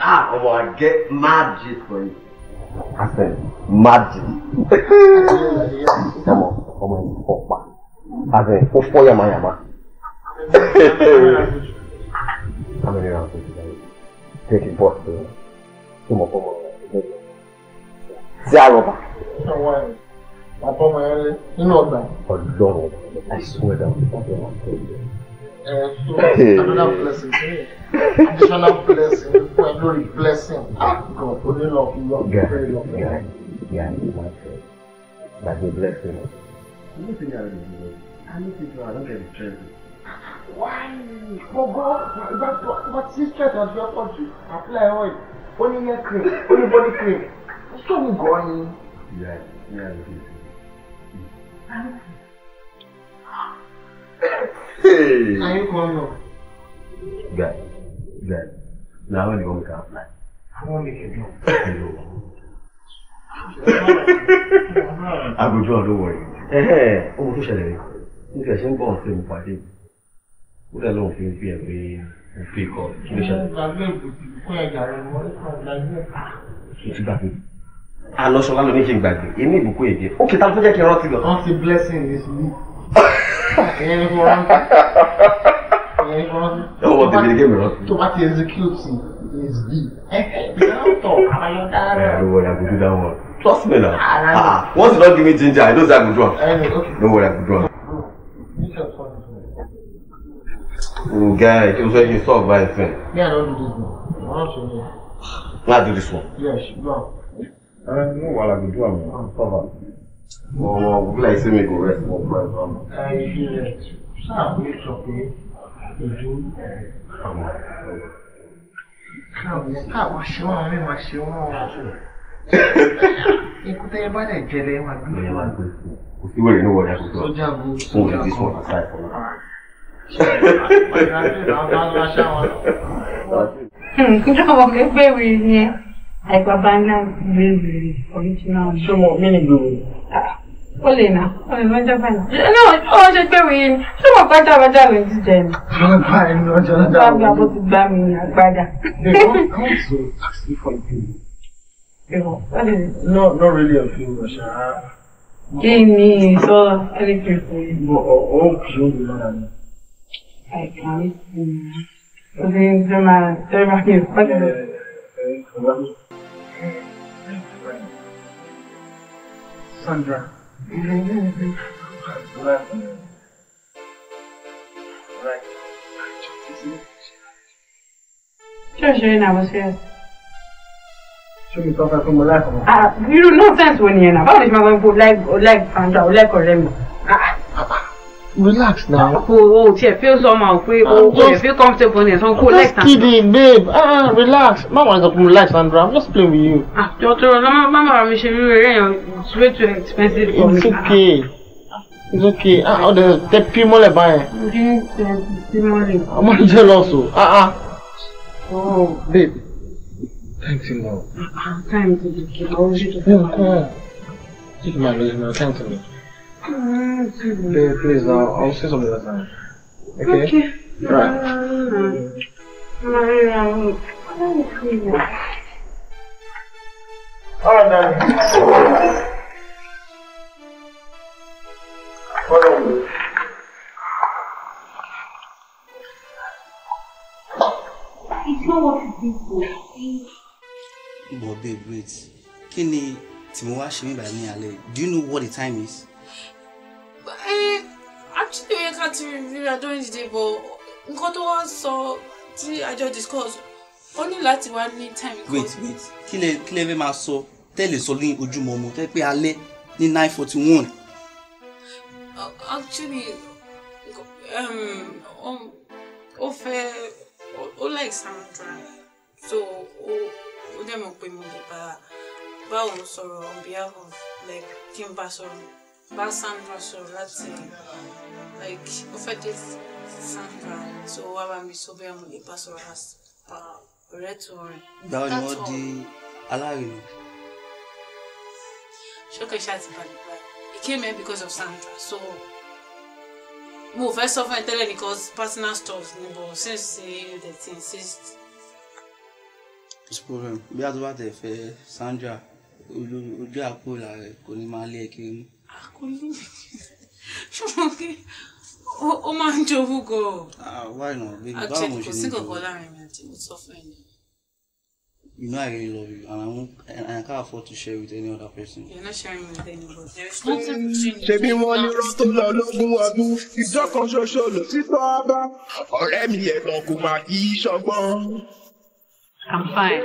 Ah, oh, I get mad gist for you. I said, mad gist. Come on, come on, ọ̀pá. I said, ó fọ́ yamayama. How many rounds did you get? Take it, boss. Eh? Come on, come on. Sí àrọ̀bà. Àpọ̀ mọ̀ ẹ́ lé nínú ọgbà. I swear that I'm not going to tell you. Uh, so another blessing. Additional blessing. Glory blessing. Ah, God. Only love, love, God. very love. God. Yeah, that's it. That's a blessing. Anything I do, anything I need don't get stressed. Why? For oh, God, that, but see stress has your country. Apply oil. Only hair cream. Only body cream. What's wrong with God? Yeah, yeah, it is. And Hey. Are you gone Guy, guy, now when you want me to apply? I want to make a job. I go do it, don't worry. Ẹ̀hẹ́, ohun tó ṣẹlẹ̀ rẹ̀, n kẹ̀ ṣe ń gbọ́n fún mi pàdé. Ó dẹ̀ lóun fi ń fi ẹ̀ pé mo fi kọ kí ló ṣẹlẹ̀. Ìgbàgbé ìbùsùn kó ẹ̀gà rẹ̀ wọ́n kọ̀ láyé ẹ̀ka. Mo ti gbàgbé alọ́ṣọlá ló ní ṣe gbàgbé èmi ìbùkún èdè ó kìí tá ló fẹ́ jẹ́ kí n rántí lọ. wọ́n ti blessing is me ìyẹn ni kò rán ìyẹn ni kò rán. ọwọ́ tèmi ni kémi rán. tó bá ti execute is b. ìyàtọ̀ don't worry i could do that one. trust me na ah, ah once you don't give me ginger i know say i could do am. don't worry i could do am. Oh, guy, it was when you saw my friend. Yeah, I don't do this one. I don't do this one. I do this one. Yes, no. I don't know what I can do. I'm covered ọmọ òwúlà ìsinmi kò rẹ̀ fún ọgbà ẹ̀fọ́ ọmọ. ẹ ṣe sáà wí sọ pé ojú ọmọ káàbọ̀ ṣe wọn mi máa ṣe wọn ọ̀hún. ikú tẹ́yẹ bá dẹ̀ jẹrẹ ẹ máa gbé. kò sí wẹ̀rẹ̀ ní wọ̀nyá tuntun. sójà bu sójà bu fún ọ̀sá ẹ̀fọ́ náà. Ah. ṣé àwọn ọmọ ẹgbẹ́ mi ni ẹ àìpàbá náà rèé original. ṣé original. mí ni gbòòrò. Ah, ó lè nà ó lè má jábà nà. náà ó ṣe pé wòye ni ṣé mo gbájà bájà ló ń jíjẹ ni. bàbá ẹ ní ọjọ́ ọjọ́ àwọn. bàbá bó ti gbá mi ní àgbàdà. no no really a few rush. Uh, kí ni sọ́ọ́ ẹni kì í fún mi. ó kì í ó lè lọ́ra mi. àìkàn ó sì ń jẹ́ máa tẹ́lẹ̀ máa kí n Hello? Sandra. Right. Just showing I was here. Show me something from my life. Ah, you don't know sense when you're not. How did my wife like like Sandra or like Orlando? relax now. Oh, oh, oh tiẹ̀ feel somehow pé oh, yeah, feel comfortable ní ẹ̀sán kó lẹ́tà. just kidding babe ah, ah relax Mama is nígbà kó relax Sandra i'm just playing with you. Ah, tó rọ Mama, má bàa mi ṣe irú it's way too expensive for me. it's okay it's okay ah, ah ọ̀dẹ̀ tẹ pí mọ́lẹ̀ báyẹn. kí ni tẹ pí I'm jealous. ní oh. ah ah. oh babe Thanks, you know. Ah, ah time ti lọ. ọ̀hún ṣe tó fẹ́ wà. take my time to you. Please, I'll, I'll say something that time. Okay? okay. Right. Alright, darling. Follow me. It's not what you do for. But babe, wait. Kí ni tí mo wá ṣe mí báyìí Do you know what the time is? Eh, actually ó yẹ ká ti ríra during the day but nǹkan tó wá sọ tí àjọ discuss ó ní láti wá ní time. wait wait kí lẹ kí lẹ fẹ́ máa sọ tẹ́lẹ̀ sọ ní ojúmọ́ ọmọ tẹ́ pé alẹ́ ní nine forty one. Uh, actually um, ó fẹ́ ó like sound dry, so ó ó dẹ̀ mọ̀ pé mo lè bá bá òun sọ̀rọ̀ on behalf of like kí n bá sọ̀rọ̀ bá Sandra sọ̀rọ̀ láti like ó fẹ́ dé Sandra tó wá bá mi sọ bẹ́ẹ̀ mo lè bá sọ̀rọ̀ ọ̀rẹ́ tó rìn. gbà ni wọ́n di alárinà. ṣókè ṣáà ti balẹ̀ báyìí he came here because of Sandra so mo fẹ́ sọ fún ẹ tẹ́lẹ̀ because personal stuff ni but since you dey it's problem bí a tó bá tẹ̀ fẹ́ Sandra ojú àpò làárẹ̀ kò ní máa lé ẹ kiri mú kò ó máa ń jowú gan àwa ìràn bí báwo ṣe ń jowú. kò sí kankan láàrin mi àti mo sọ fún You know I really love you, and I won't, and I can't afford to share with any other person. You're not sharing with anybody. Ṣebí wọ́n ní rán lọ lógún ọdún, ìjọ kan ṣoṣo lò títọ́ abá. Ọ̀rẹ́ mi ẹ̀gbọ́n kò máa kí í ṣọgbọ́n. I'm fine.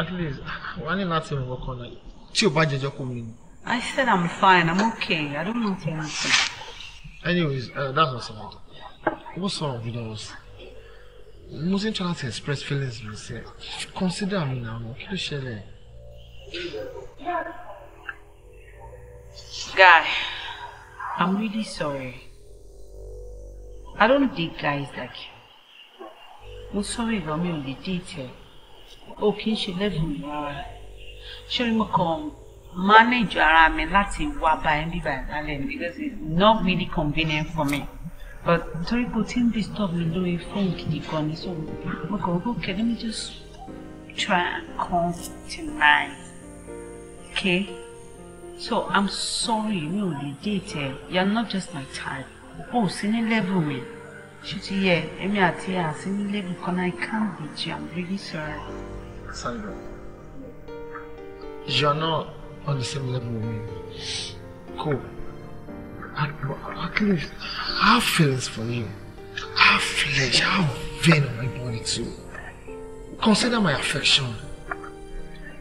At least, wọ́n á ní láti rìn wọ́kọ̀ náà. Tí o bá jẹjọ́ kò mí ni. I said I'm fine. I'm okay. I don't want anything. Anyways, uh, that's not someone. What's wrong with us? Muslim trying to express feelings with say. Consider me now. Can you share it? Guy, I'm really sorry. I don't date guys like you. Mo sorry ìgbà me on the date Okay, she left me. She lẹ́bùn come manage ara mi láti wá bá ẹ bí lálẹ́ mi because it's not really convenient for me but nítorí pé o ti ń disturb mi lórí fóònù gidi gan ni so mo kàn wọ́n okay let me just try and come tonight okay so i'm sorry mi ò lè date ẹ you're not just my type o ò sí ní level mi ṣé ti yẹ èmi àti ẹ àti ní level kan i can't be. you i'm really sorry. Sandra, you're not on the same level with Cool. I, at I have feelings for you. I have flesh, I have vein on my body too. Consider my affection.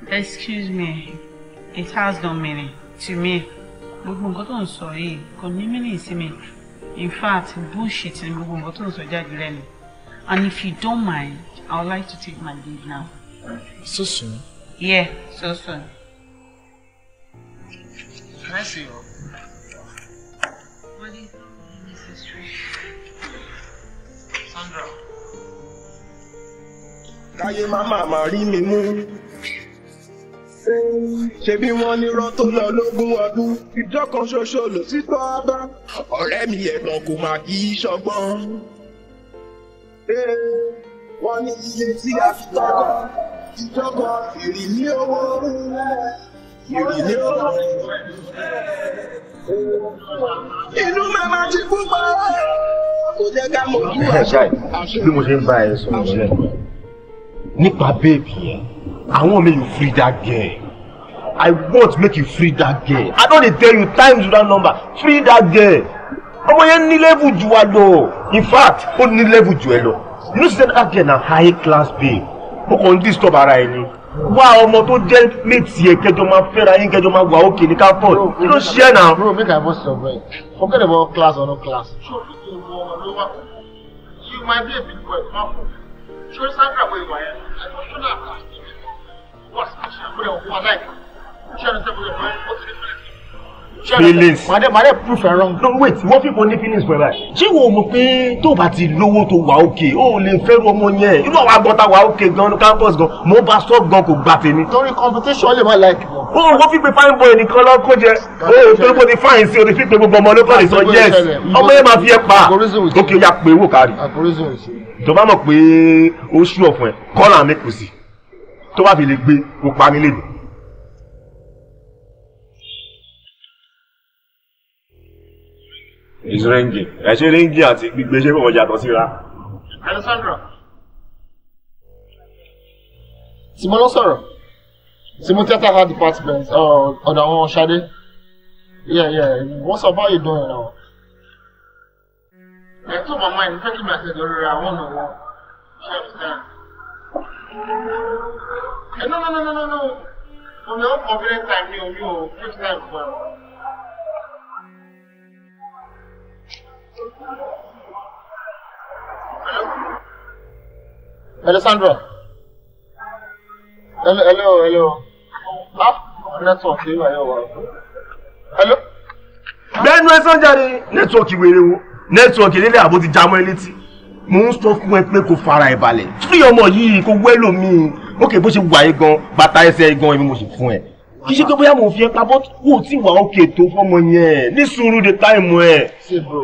Excuse me. It has no meaning to me. Gbogbo nǹkan tó ń sọ yìí kò ní meaning sí mi. In fact, bullshit ni gbogbo nǹkan tó ń And if you don't mind, I would like to take my leave now. So soon? Yeah, so soon. Mercy o. Wọ́n in this history, Sandra. Káyé mama, má má rí mi mú. Ṣebí wọ́n ní rán tó lọ lógún ọdún, ìjọ kan ṣoṣo lò títọ́ bá. Ọ̀rẹ́ mi ẹ̀gbọ́n kò máa kí í ṣọgbọ́n. Wọ́n ní iye tí a fi tọ́kọ̀, ìjọba èrè ní owó inú mẹ́ma ti kú pa kò jẹ́ ká mọ̀ ojú wa. ṣáì bí mo ṣe ń bá ẹ sọ̀rọ̀ rẹ̀ nípa bẹ́ẹ̀bì yẹn I want make you free that girl I want make you free that girl I don dey tell you times without number free that girl ọmọ yẹn ní level jù wá lọ in fact ó ní level jù ẹ lọ you know say that girl na high class babe ó kàn ń disturb ara ẹ ni wá ọmọ tó jẹ́ méjì ẹ̀ kẹjọ máa fẹ́ra yín kẹjọ máa wà òkè ní káfọ́ọ̀d kí ló ṣe ẹ̀ náà. bro make i boss your brain forget about class or no class. you might be a big boy ma fọ ṣé o sábà wọ ìwà yẹn àti wọn tó náà kà á wọ́n sì ṣe àpẹẹrẹ ọ̀pọ̀ aláìka ṣé ẹni sẹ́kọ̀ọ́ yẹn fún ẹ ó ti rí feelings. màdé màdé proof ẹ wrong. no wait wọ́n fi kò ní feelings pẹ̀lú ẹ̀. ṣé wo mọ̀ pé tó bá ti lówó tó wà òkè ó lè fẹ́rù ọmọ yẹn irú àwọn agbọ́ta wà òkè gan ní campus gan mo bá sọ gan kò gbà tèmi. torí competition lè má like. ó wọ́n fi pe fine boy nìkan lọ kó jẹ ó tó kó ti fine sí orí fífi gbogbo ọmọ lókàn lè sọ yes ọmọ yẹn máa fi ẹ pa òkè ó yà pé wò kárì. tó bá mọ̀ pé ó ṣú ọ̀fun ẹ̀ kọ́là mi kù sí tó bá fi lè gbé kó pa mí lè dùn. Is ringing. Ẹ ṣe ringing àti gbígbé ṣé kò wọ́n yàtọ̀ síra. Alessandra. Tí mo lọ sọ̀rọ̀. Tí mo theatre art department uh, ọ̀dọ̀ àwọn Ṣadé. Yeah, yeah. What's about you doing now? I told my mind, thank you, my sister, I want to walk. She understand. No, no, no, no, no, no. On your confident time, you, you, fifth time, but. Alessandra. Hello, hello, hello. Ah, network yìí wà Hello. Bẹ́ẹ̀ni ẹ network jáde Network wèrè wo nẹ́tíwọ̀kì nílé àbó ti it. Monster, létí. Mo ń sọ fún ẹ pé kò fara ẹ balẹ̀. Fí ọmọ yìí kò wẹ́lò míì. Ókè bó ṣe wà é gan, bàtà ẹsẹ̀ gan èmi mo sì fún ẹ. Kì í ṣe pé bóyá mo fi ẹ pa bọ́tù kò tí wà ókè tó fọmọ yẹn. Ní sùúrù de táìmù ẹ. Ṣé bro?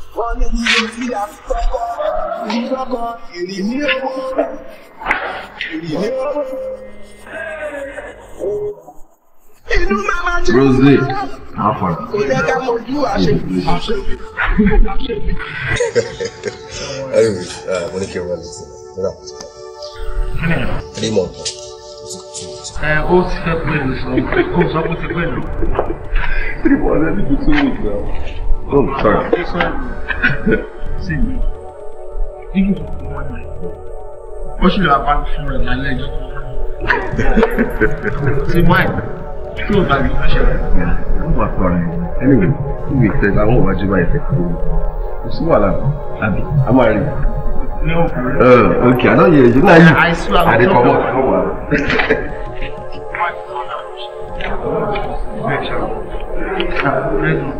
wọ́n ní ní orí àtọ́kọ́ ìrọ́kọ́ èrè ní owó èrè ní owó. inú màmá ti rú sí kò jẹ́ ká mojú àṣejù àṣejù. anyway uh, mo ní kí n wá létí rà three months. Ẹ ó ti fẹ́ pé ìlú sọ, ó sọ pé ó ti pé ìlú. Three months ẹni tó tó wù ú náà. Oh, sorry. This one. See me. Even if you what should have happened for my leg? See why? Show that you pressure. Ó wà fún ara yẹn. Anyway, two weeks later, àwọn òwájú bá ẹ̀fẹ̀ kúrò. You see what I'm? a I'm already. No. Uh, okay, I don't hear you. Now you. I swear. I dey comot. Make sure.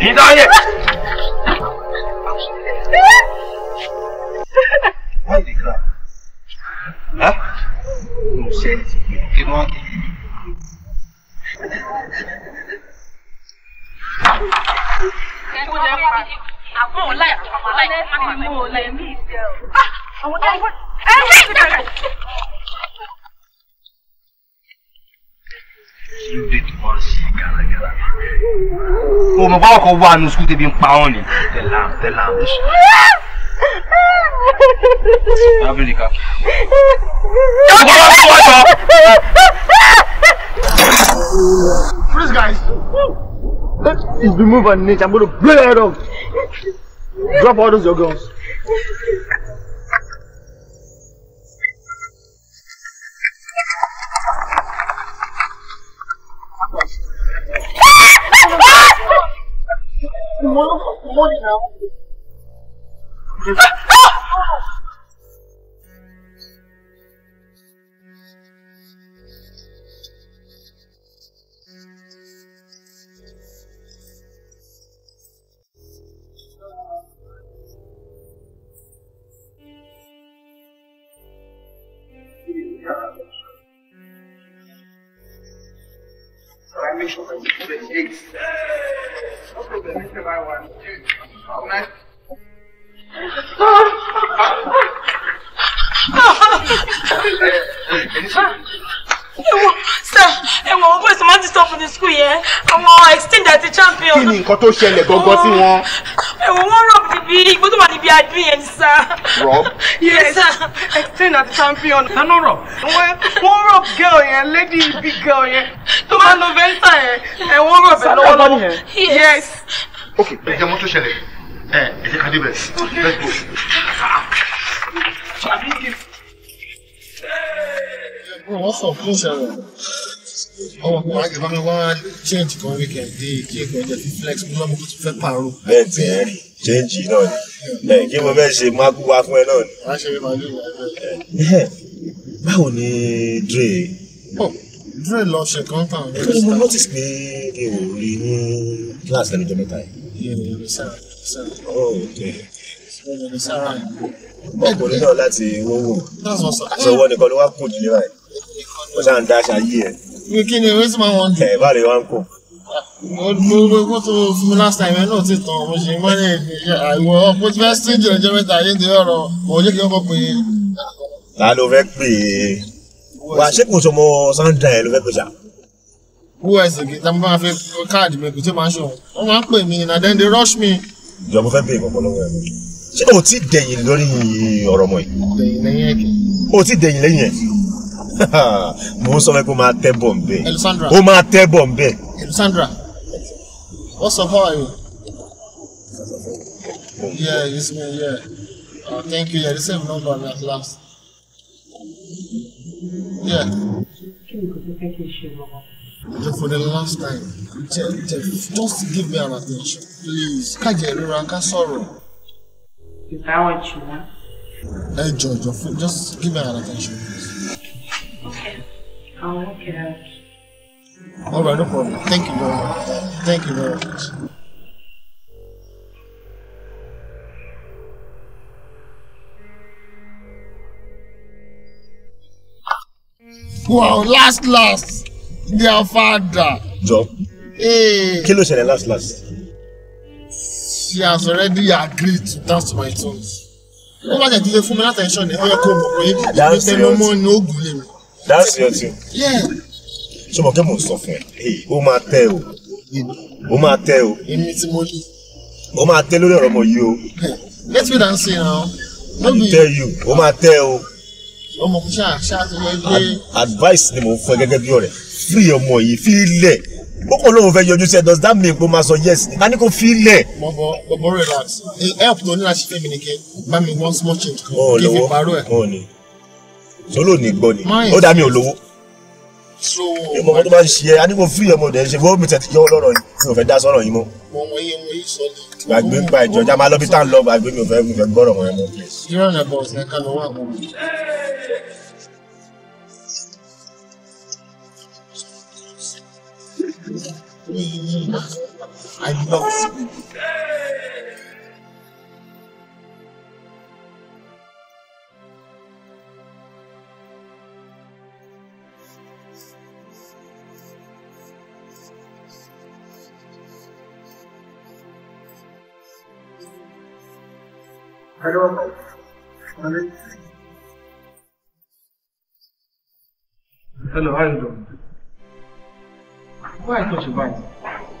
你大爷！Vai, cara. Hã? Não sei, porque não atende. Quer que eu àwọn ọ̀la ẹ̀ ọ̀la ẹ̀ ọ̀la ẹ̀ mi ìṣe ọ̀. àwọn ọ̀la ẹ̀ ẹ̀ ẹ̀ ẹ̀ bẹ̀rẹ̀. Sunday ti wọ́n sí gàràgàrà. O mọ̀ báwọn kan wà nù sukùl tẹ̀bi ń pa wọn ni. Tẹ̀lá tẹ̀lá. Abirika. Ọkọ̀ bá wọ́n wọ́n jọ. Freeze guys. If you move an inch, I'm gonna blow your head off. Drop all those your guns. Money now. Ah! Ah! can make sure that we put No problem, you can buy one. How nice. sir, Kí ni nǹkan tó ṣẹlẹ̀ gangan sí wọn? Ewo wọ́n rob níbi igbó wà níbi adú ni sir. Rob? Yes sir, àti champion. Àná rọ̀. Wọ́n rob girl yẹn, lady big girl yẹn tó máa lo vẹ́ńtà ẹ̀ ẹ̀wọ̀n rọ̀ bẹ̀ yes. ok bẹ̀jẹ̀ mọ́tò ṣẹlẹ̀ ẹ ẹ jẹ́ ká débẹ̀ let's go. mi wá gbẹ̀bá mi wá change kan weekend dé kí èkó ẹ̀jẹ̀ fi flex bí wọ́n mú tó fẹ́ pààrọ̀. bẹ́ẹ̀ tí ẹ rí change náà ni kí mo fẹ́ ṣe mákú wá fún ẹ náà ni. báwo ni dre dúró lọ ṣe kan tàn. mo notice pé mi ò rí ní class lẹ́nu jẹ mẹ́ta yìí. Oh, ọkùnrin náà láti wọ́wọ́ aṣọ wọn nìkan ló wá kù jù níbàyìí wọ́n ṣáà ń dá aṣa yí ẹ̀. kí ni wíṣọ máa wọ́n dùn. ẹ̀ bá rè wá ń kọ̀ mo mo kó tó fún mi last time ẹ náà ti tàn mo ṣe mọ ní àìwọ mo ti fẹ́ stage ọjọ́ mẹ́ta ayé ń di ọ̀rọ̀ mo jẹ́ kí wọ́n kọ́ pé. ta ló fẹ́ pè é wà ṣé kò sọmọ sandra ẹ ló fẹ́ pèsè. us kì í ta mo máa fi káàdì mi kò tí máa ṣòwò wọn máa ń pè mí na then they rush me. ìjọba mo fẹ́ bèèrè kọ̀ọ̀kan lọ́wọ́ ẹ̀ ṣé o ti dẹ̀yìn lórí ọ̀rọ̀ mọ́ yìí. dẹ̀yìn lẹ́yìn ẹ̀kẹ́. o ti dẹ̀yìn lẹ́yìn ẹ̀ mo ń sọ fẹ́ kó máa tẹ́ bọ̀ ń bẹ́ẹ̀. Elisandra ó máa tẹ́ bọ̀ ń bẹ́ẹ̀. Elisandra what's up how are you. yeah it's me yeah oh, thank you yeah the same number me at last. Yeah. for the last time, tell, tell, just give me an attention, please. Can't get ìrora, ká sorrow. Is that what you want? Hey, George, just give me an attention, please. Okay. I'll work it out. All right, no problem. Thank you very much. Thank you very much. wow last last their father. jọ eh. kí ló ṣẹlẹ̀ last last. she has already agreed to dance to my tunes. wọ́n bá jẹ̀dílé fún mi láti ẹ̀ṣọ́ ni ọyọ kó mọ̀ pé ìgbésẹ̀ ló mọ́ ní oògùn lè mi. that's your thing. ṣé mo kẹ́ mò ń sọ fún ẹ ó máa tẹ o ó máa tẹ o. èmi tí mo ní. ó máa tẹ lórí ọ̀rọ̀ ọmọ yìí o. let me dance now. i tell you ó máa tẹ o ọmọ kò ṣáà ṣáà tó yẹ pé. advice ni mo fún ẹ bí ọ̀rẹ́ free ọmọ yìí fi lẹ̀ Boko kàn lóun fẹ́ yọjú sí ẹ does that mean kó máa sọ yes a ní kó fi lẹ̀. bọ̀bọ̀ bọ̀bọ̀ relax help tó ní láti fẹ́ mi ni kẹ́ bá mi one small change kan kí n fi parọ́ ẹ̀. ọ̀ ni solo ni gbọ́ ni ó dá mi ò lówó. ìmọ̀ ọmọ tó bá ń ṣe ẹ a ní kó free ọmọ rẹ̀ ṣe fún mi tẹ̀ ti yọ ọlọ́rọ̀ yìí mi ò fẹ́ dá sọ́rọ̀ yìí mọ́. mo mọ iye mo yìí sọ ni gbàgbé ń pa ìjọjà máa lọ bí táwọn lọ gbàgbé mi ò fẹ́ mi fẹ́ gbọ́rọ̀ wọn ẹ̀ mọ́ please. I love Hello. Hello, how are you doing? Why I thought you bite?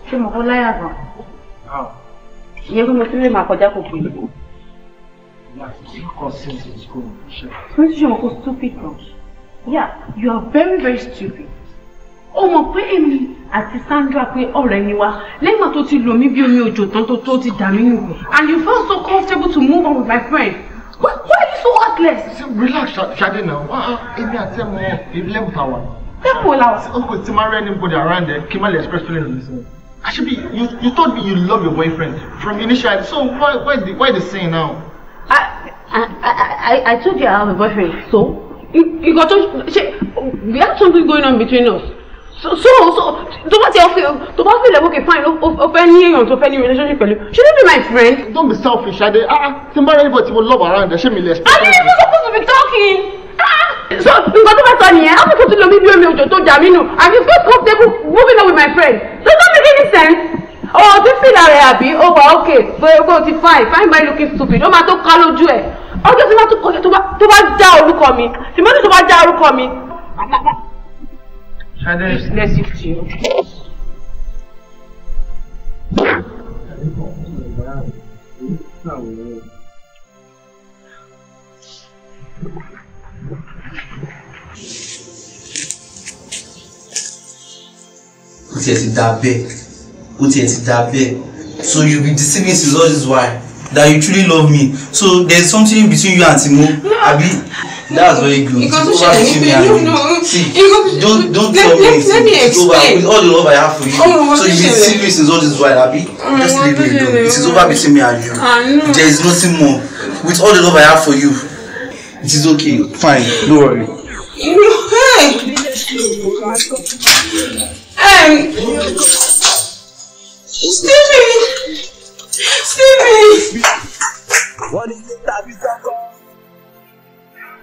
Ṣé mo kọ́ láyà gan? Ìyẹn kí mo tún lè máa kọjá kò pè mí. Wọ́n ti ṣe mo kó stupid gan. Yeah, you are very very stupid ó mọ̀ pé èmi àti Sandra pé ọ̀rẹ́ ni wa lẹ́yìn tó ti lò mí bí omi òjò tán tó tó ti dà mí nù and you feel so comfortable to move on with my friend why, why are you so heartless. relax Ṣadé na èmi àti ẹ̀ mọ ilé ìwòta wa. lẹ́kùn ọ̀la wa. o kò ti máa rẹ́ anybody around there kí n má lè express feelings on this one. Actually, you, you told me you love your boyfriend from initial. so why, why, the, why the saying now? I, I, I, I told you I have a boyfriend, so? You, you got to, she, we have something going on between us so so tó bá ti ọ fẹ́ tó bá fẹ́ lẹ́wọ́ kì í fáyín ó fẹ́ ní èèyàn tó fẹ́ ní relationship pẹ̀lú should you be my friend. don't be selfish ade ah, ah tí n bá rẹ́yìn bọ̀ tí mo love around ẹ ṣé mi lè. i'm not even supposed to be talking. Ah. ah. so nǹkan tó bá sọ nìyẹn how people ti lo mi bí omi òjò tó jà mí nù i feel comfortable moving on with my friend does that make any sense. ọ̀ ti fìlà rẹ̀ àbí ó wà okay so ẹ̀ kó o ti fine fine by looking stupid ó máa tó ká lójú ẹ̀ ọjọ́ tí wọ́n tún kọjá tó bá já orúkọ mi tìmọ́tì tó bá já orúkọ mi. Useless idiot. ó tiẹ̀ ti dà be? ó tiẹ̀ ti dà be? so you be deceiving Sis all this while that you truly love me so there's something between you and Timo abi that's very good because go back to me and know, see don't don't let, tell let, me let, me it's explain. over with all the love i have for you oh, so you been serious since all this while abi oh, just leave me alone it is over between me and you there is nothing more with all the love i have for you it is okay fine no worry. you hey. um, stevie stevie. what is it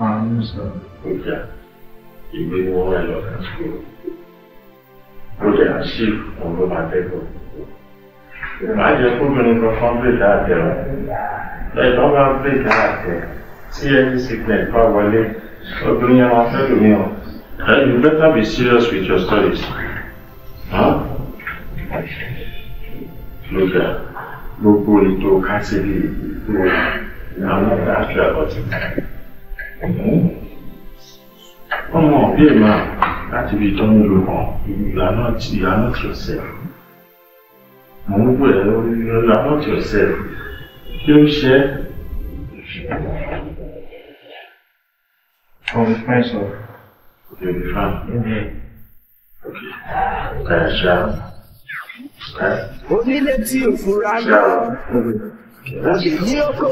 àrùn sọ. ọjà ìgbé ni wọn wà lọ kásìkò ọjà sí ọ̀rọ̀ àtẹ́gùn. ìbàjẹ́ kóbìnrin kan fún bíríkì àtẹ wọn ẹ̀tọ́ bá bíríkì àtẹ tí ẹni sickness bá wọlé obìnrin yẹn máa fẹ́ lómi o. You better be serious with your studies. Huh? Look at, gbogbo ètò kásìlì ìgbò àwọn ọ̀dà àti àkọ́tì ọmọ ọ̀bí ẹ̀ máa láti fi tọ́ nílò kan ìlànà ti ìlànà ti ọ̀sẹ̀ mò ń wẹ̀ ìlànà ti ọ̀sẹ̀ kí ó ṣe é. From the price of. Okay, the farm. Mm-hmm. Okay. Okay, shall. Okay. Onílé tí òfurá lọ. Olè ní oko.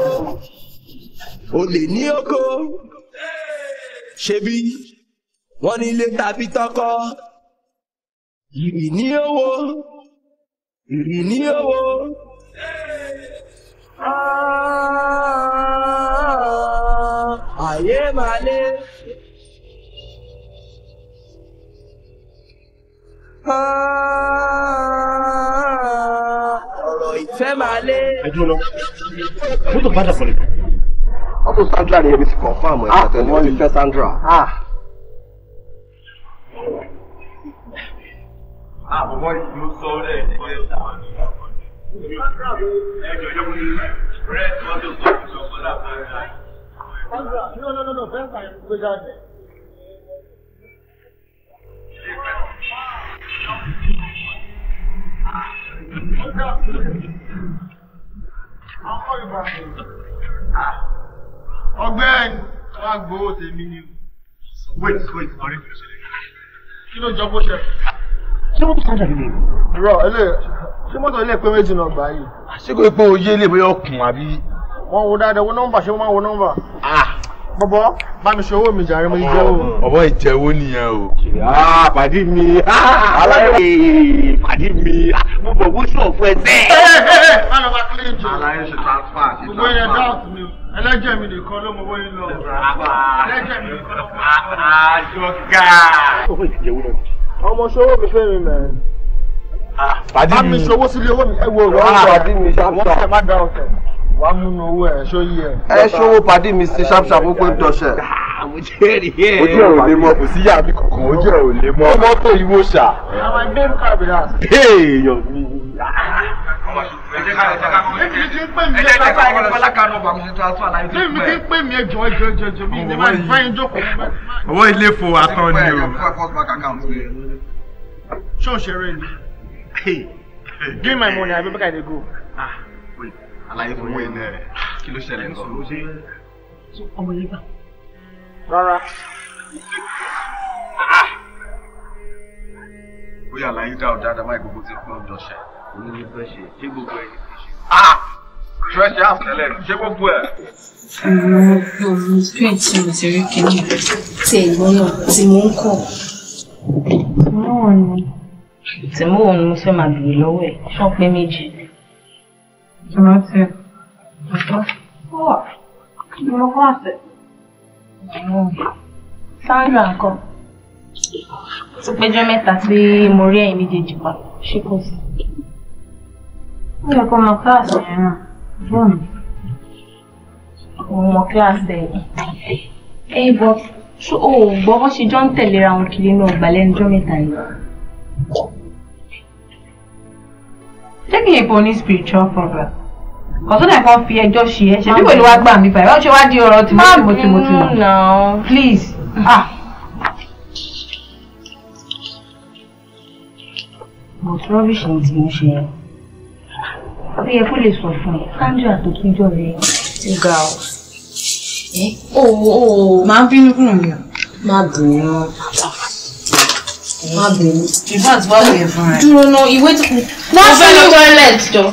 Olè ní oko ṣebí wọ́n ní ilé tàbí tọkọ ìrì ní owó ìrì ní owó. Ayé máa lé. Ọ̀rọ̀ ìfẹ́ máa lé. Ẹ dúró lọ, mọ́tò padà pọ̀ nìkan. Ah, tó Sandra ni èmi ti confam ẹ̀ ah, tẹ́tẹ́lẹ̀ wọ́n ti fẹ́ Sandra. Ah. Ah, àbọ̀bọ̀ ìlú sọ rẹ̀ ní pé táwọn ní ìyàwó ni. ẹjọ́ ìjọba ní rẹ̀ tí wọ́n tó sọ fún ìṣọ̀kan láàbàdà. Sandra, no, no, no, no, bẹ́ẹ̀ ká ẹ̀ gbé jáde. Sandra, ọkọ ìgbà mi ọ̀gbẹ́ni wàá gbowó tèmi ni wait wait ọ̀rẹ́ mi ò ṣe lè kí ló jọ bó ṣe. ṣé wọ́n ti sọ́jà nílé mi. rọ ilé ṣé mọ́tò ilé pé méjì náà gbà yìí. àṣé kò pé oyè lè bóyá ọkùn àbí. wọ́n wo dáadáa wo nọ́mbà ṣé wọ́n máa wo nọ́mbà. ah kọ́bọ́ bá mi ṣe owó mi jàre mo ti jẹ́ o. ọ̀bọ ìjẹ́wó nìyẹn o. Ah, pàdí mi ah, aláìwé pàdí mi ah, mo bọ̀ wọ́n sọ̀ fún ẹ bẹ́ẹ̀. má lọ bá kílíìn jù. aláìwé ṣe transfer àti transfer. gbogbo yẹn dáàtì mi ẹlẹ́jẹ̀ mi nìkan ló mọ wọ́n lọ. ẹlẹ́jẹ̀ mi nìkan ló mọ wọ́n lọ. àjọgà. ọmọ ṣòwò mi fẹ́ mi mẹ́rin pàdí mi bá mi ṣòwò sílé owó mi ẹ wo ìwọ ọ̀rọ̀ pàdí mi wà á múnú owó ẹ̀ ṣó yí ẹ̀. ẹ ṣòwò pàdé mi sí ṣàpṣàpù pé ń dọṣẹ. Ah, ojú ẹ̀ ò lè mọ kò sí yàrá kankan ojú ẹ̀ ò lè mọ. mọ́tò ìwò ṣà. àwọn ẹgbẹ́ ń kàbíyà. èèyàn mi. ẹ jẹ́ ká ẹ jẹ́ ká fún mi. ẹ jẹ́ ká ẹ jẹ́ ká ẹ jẹ́ ká nọ́mbà mi tó aṣọ àlàyé. ṣé mi ti ń pè mí ẹjọ ẹjọ ẹjọ ẹjọ mi ní máa ń fẹ́yìn jókòó. owó ilé fo atán ni o. ṣé òṣèré ni. give my money abi make i dey go. Ah àlàyé fún wẹ̀ náà kí ló ṣẹlẹ̀ ń sọ̀rọ̀ ṣe ọmọ yẹn gbà. rárá. bóyá àlàyé dá ọ̀dà àdàmà ìgbogbo ti fún ọjọ́ ṣe. onílé fẹ́ ṣe ṣé gbogbo ẹ̀ Treasure ah! house tẹ́lẹ̀ ṣé gbogbo ẹ̀. Street tí mo ti rí kìíní ti ẹ̀gbọ́n náà tí mo ń kọ̀. Tìmọ́wọ̀n ni mo fẹ́ máa bèrè lọ́wọ́ ẹ̀ ṣọ́pẹ́ méjì. Молодцы. Ну что? Ну, классы. Sandra nǹkan. Ó péjọ mẹ́ta tí mo rí ẹ̀yin méjèèjì pa. Ṣé kò sí? Ó yẹ kó mọ kíláàsì yẹn náà. Bọ́ọ̀nù. Òun mọ kíláàsì ẹ̀. Ẹ bọ̀ tó o gbọ́ bó ṣe jọ ń tẹ̀léra wọn kiri inú ọgbà lẹ́nu jọ́ mẹ́ta spiritual problem kọ̀sọ́dà kan fi ẹjọ́ ṣe ẹ ṣe bí pẹ̀lú wa gbà mí báyìí wọ́n ṣe wá di ọ̀rọ̀ tìmọ́tìmọ́tìmọ́ please. Ah. but rubbish ni ti mo ṣe yẹn ó yẹ kó lè sọ fún ẹ káńdù àtòkúnjọ rẹ ó ga ọ. ó ó máa ń bínú kúrò mi o. má bínú má bínú. ìfàtúwà wò yẹ fún ẹ. dúró náà ìwé tó kù. wọ́n fẹ́ lọ toilet jọ.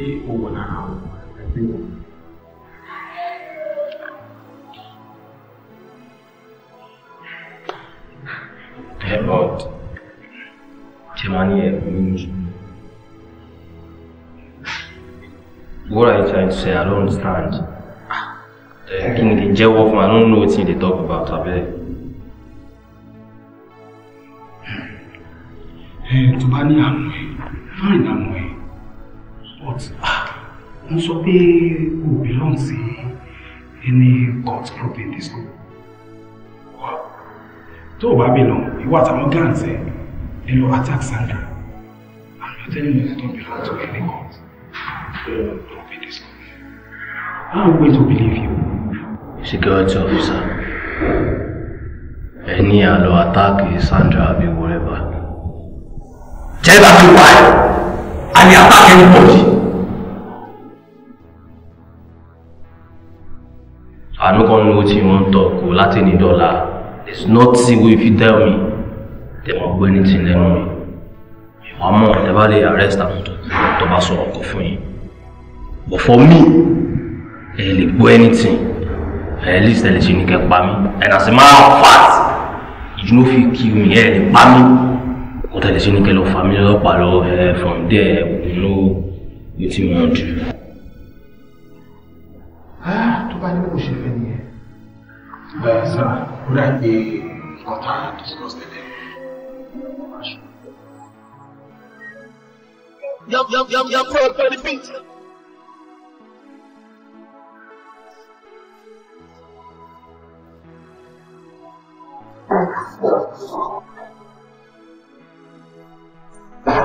ṣé o wà lára àwọn ẹgbẹ́ wọn. Herod tí wọ́n What are you trying to say? I don't understand. The king dey jẹ́wọ́ fún I don't know wetin they talk about abeg. Ẹ tó bá ní àmú ẹ̀, má rìn àmú but n ah, sọ pé o belong sí any court group in the school tó o bá belong ìwọ àtàwọn gans ẹ lọ attack Sandra and you tell me you don't belong to any court. group in the school how am I going to believe you. security officer ẹ ní àlọ́ attack Sandra àbí whatever. tell her to why and they attack everybody. I no come know wetin you to talk o láti ní dọ́là there is nothing wey you fit tell me dem wan gbọ́ anything lẹ́nu mi ìwà I'm ẹ̀ bá lè arrest àwọn tó bá sọ̀rọ̀ kọ fún yín but for me ẹ lè gbọ́ anything at least ẹ lè ṣe ní kẹ́ pa mí and as a matter of fact you no fit kill me ẹ lè pa mí mo tẹ̀lé sí ní kẹlẹ́ family ọlọ́pàá lọ ẹ from there you know wetin we wan do. tó bá ní kò ṣe fẹ́ nìyẹn. bẹ́ẹ̀ sá ó dà pé ọ̀tá discuss tẹ́lẹ̀. Yum, yum, yum, yum, pro, pro, the beat. Thank you.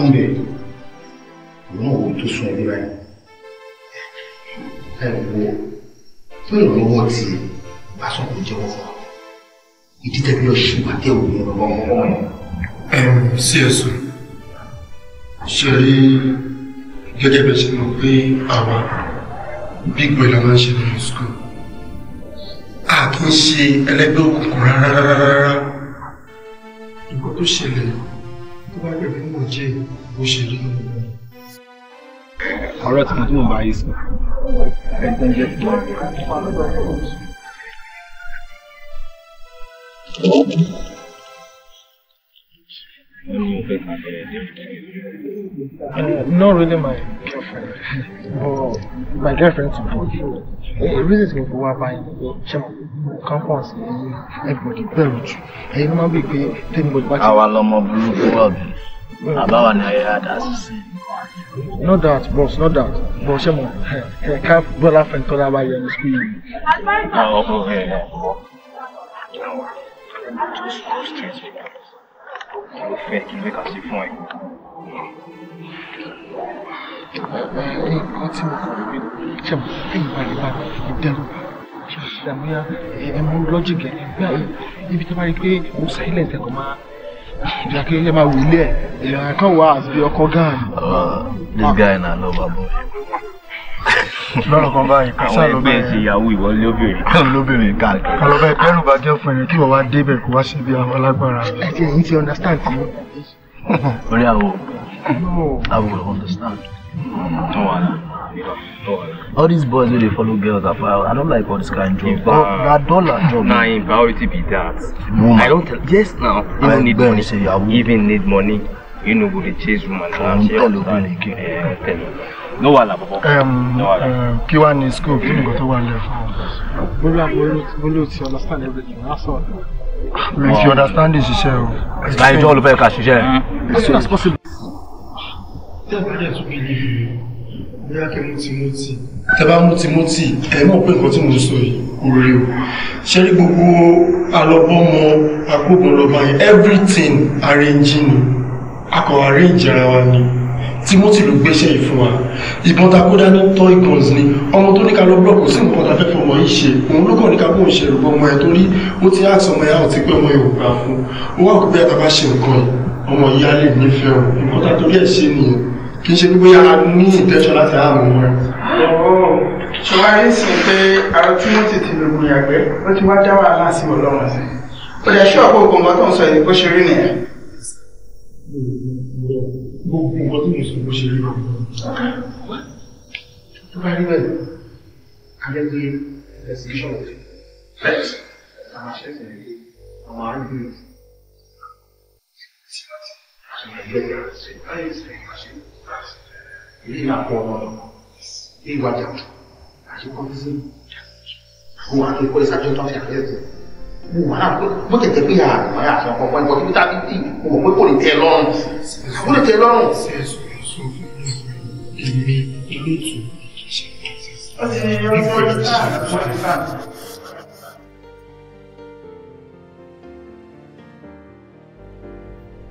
kún bẹ̀ òun náà wò tó sún ẹbí báyìí ẹ wo fún ìrànlọ́wọ́ ti bá sọ kò jẹ́wọ́ fún wa ìdí tẹ́bí lọ ṣe wà tẹ́ òun lọ́wọ́ ọmọ ọmọ yẹn. sí ẹ̀sùn ṣe rí gẹ́gẹ́ bẹ́ẹ̀ ṣe mọ̀ pé àwa big boy la máa ń ṣe nínú school a kì í ṣe ẹlẹ́gbẹ́ òkùnkùn rárá rárá rárá nǹkan tó ṣẹlẹ̀ yìí tó bá lè fún mò jẹ́ bó ṣe rí nínú mi. ọ̀rọ̀ tí mo tún mọ̀ bá yìí sọ ẹ̀ Uh, not really my girlfriend, but my girlfriend support. The reason to go up and check campus everybody very much. I remember being paid ten bucks. Àwa lọmọ burúkú ọ̀bì. Àbáwa ni ayé àdá sísè. No doubt, boss, no doubt. boss. ṣé mo ká bọ́lá fẹ́ friend bá yẹ ní sukùl yìí? Ọkùnrin ẹ̀ ẹ̀ ẹ̀ ẹ̀ ẹ̀ ẹ̀ ẹ̀ ẹ̀ kí ló fẹ́ kí ló fẹ́ kà sí fún ẹ. nǹkan tí mo kàn lóbi ṣe mo fi ìbàlẹ̀ bá ìdẹ́rù ṣe mo ti dàbí ẹ mú lọ́jìkì ẹ bí àyè ibi tó bá rí i pé mo silence ẹ kò máa ìjà kí ẹ máa wù ilé ẹ èèyàn kan wà àti ọkọ gan. this guy na lover boy lọ́rọ̀ kan báyìí kan sáà ló bẹ̀rẹ̀ ìyàwó ìwọ lóbìnrin kan lóbìnrin káàkiri. kan ló bẹ̀rẹ̀ kẹrù bá jẹ́ fún ẹni tí wọ́n wá débẹ̀ kó wá síbi àwọn alágbára. ẹ ti ẹ̀yin ti understand ti. orí àwọ àwọ understand tó wà náà. All these boys wey dey follow girls are I don't like all this kind of job. Na dollar job. Na im priority be that. Woman. I don't tell yes now. Even need money. Even need money. You no go dey chase woman. Tell obìnrin kiri. Tell obìnrin no wahala bọ̀bọ̀. kí wàá ní school kí nǹkan tó wà lẹ̀ fún ọ. bólú àbúrò bólú ti understand everything lásán. mi fi understanding ṣiṣẹ́ o. láì jọ́ olùfẹ́ ká ṣiṣẹ́. Mm. as soon as possible. tẹ́ ẹ bá yẹ tó bìlì yìí bóyá kẹ́ mú ti mú tì. tẹ́ bá mú ti mú tì ẹ mọ̀ pé nǹkan tí mo sọ yìí kò rí o. ṣé rí gbogbo alọ́bọ́mọ agbógun lọ́ba yẹn everything arranging ni a kò arrange ara wa ni timothy ló gbéṣẹ́ yìí fún wa ìbọn takoda ní toy guns ni ọmọ tó ní ká lọ blọọkù sí nǹkan tá a fẹ́ fọ ọmọ yìí ṣe òun ló kàn ní ká bó ń ṣe rògbò ọmọ ẹ torí ó ti á sọmọ ẹ àti pé ọmọ yìí ò gbà fún ó wà kó bí àtàbá ṣe nǹkan yìí ọmọ yìí á lè nífẹ̀ẹ́ o nǹkan tá a torí ẹ̀ ṣe nìyẹn kì í ṣe wípé a ní ìtẹ́sọ̀ láti àmọ́ ọmọ ẹ. ṣùgbọ́n ìsìn pé ara timothy ti lògùn ìyàgbẹ́ ó ti wá dá wàhálà sí ọlọ́run sí ó dẹ̀ ṣọ́ọ̀pù ògùn mọ́tò ń sọ ìdí bó ṣe rí nìyẹn gbogbo nǹkan tí mùsùlùmí bó ṣe rí lọ. tó bá rí bẹ́ẹ̀ adẹ́gbẹ́ investigation of facts àwọn aṣẹ́sẹ̀ rẹ̀ àwọn argument. ilé ìlàpọ̀ ọ̀nà ilé ìwàjà àti kọ́ńtísì fún akẹ́kọ̀ọ́ ìsájọ́ tó ń fi àyẹ̀tẹ̀ mo wà mo tẹ̀tẹ̀ pé àmọ́ àti ọkọ̀ ọ̀pọ̀ ìbọn tíbi tábí tí mo mọ̀ pé kò lè tẹ́ lọ́rùn kò lè tẹ́ lọ́rùn. èmi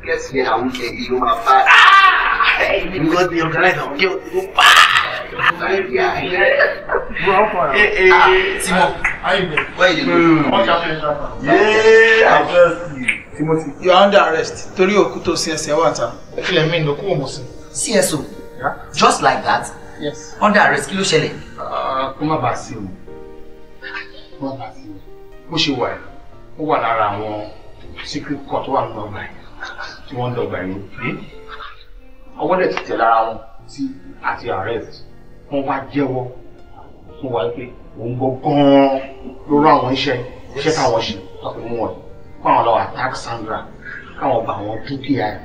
yeah, we can be my body. Ah! Hey, you got the organizer. Yo, yo, ah! Timothy, you are under arrest. Torí òkú tó sin ẹsẹ̀ wà ta. Kílẹ̀ mi ló kú òmò sí. CSO, just like that? Yes. Under arrest kí ló ṣẹlẹ̀? Kó má bàa sí o. Kó má bàa sí o. Bó ṣe wà ẹ̀, ó wà lára àwọn secret court wà nínú ọgbà yìí tí wọ́n ń dọ̀gbà yìí. Ọwọ́ dẹ̀ ti tẹ̀ lára wọn sí àti arrest wọ́n wá jẹ́wọ́ fún wa pé òun gbọ́ gan-an lórí àwọn iṣẹ́ iṣẹ́ táwọn ṣe tọ́pẹ́ mú wọn fáwọn lọ́wọ́ attack Sandra káwọn bá àwọn dúkìá ẹ̀.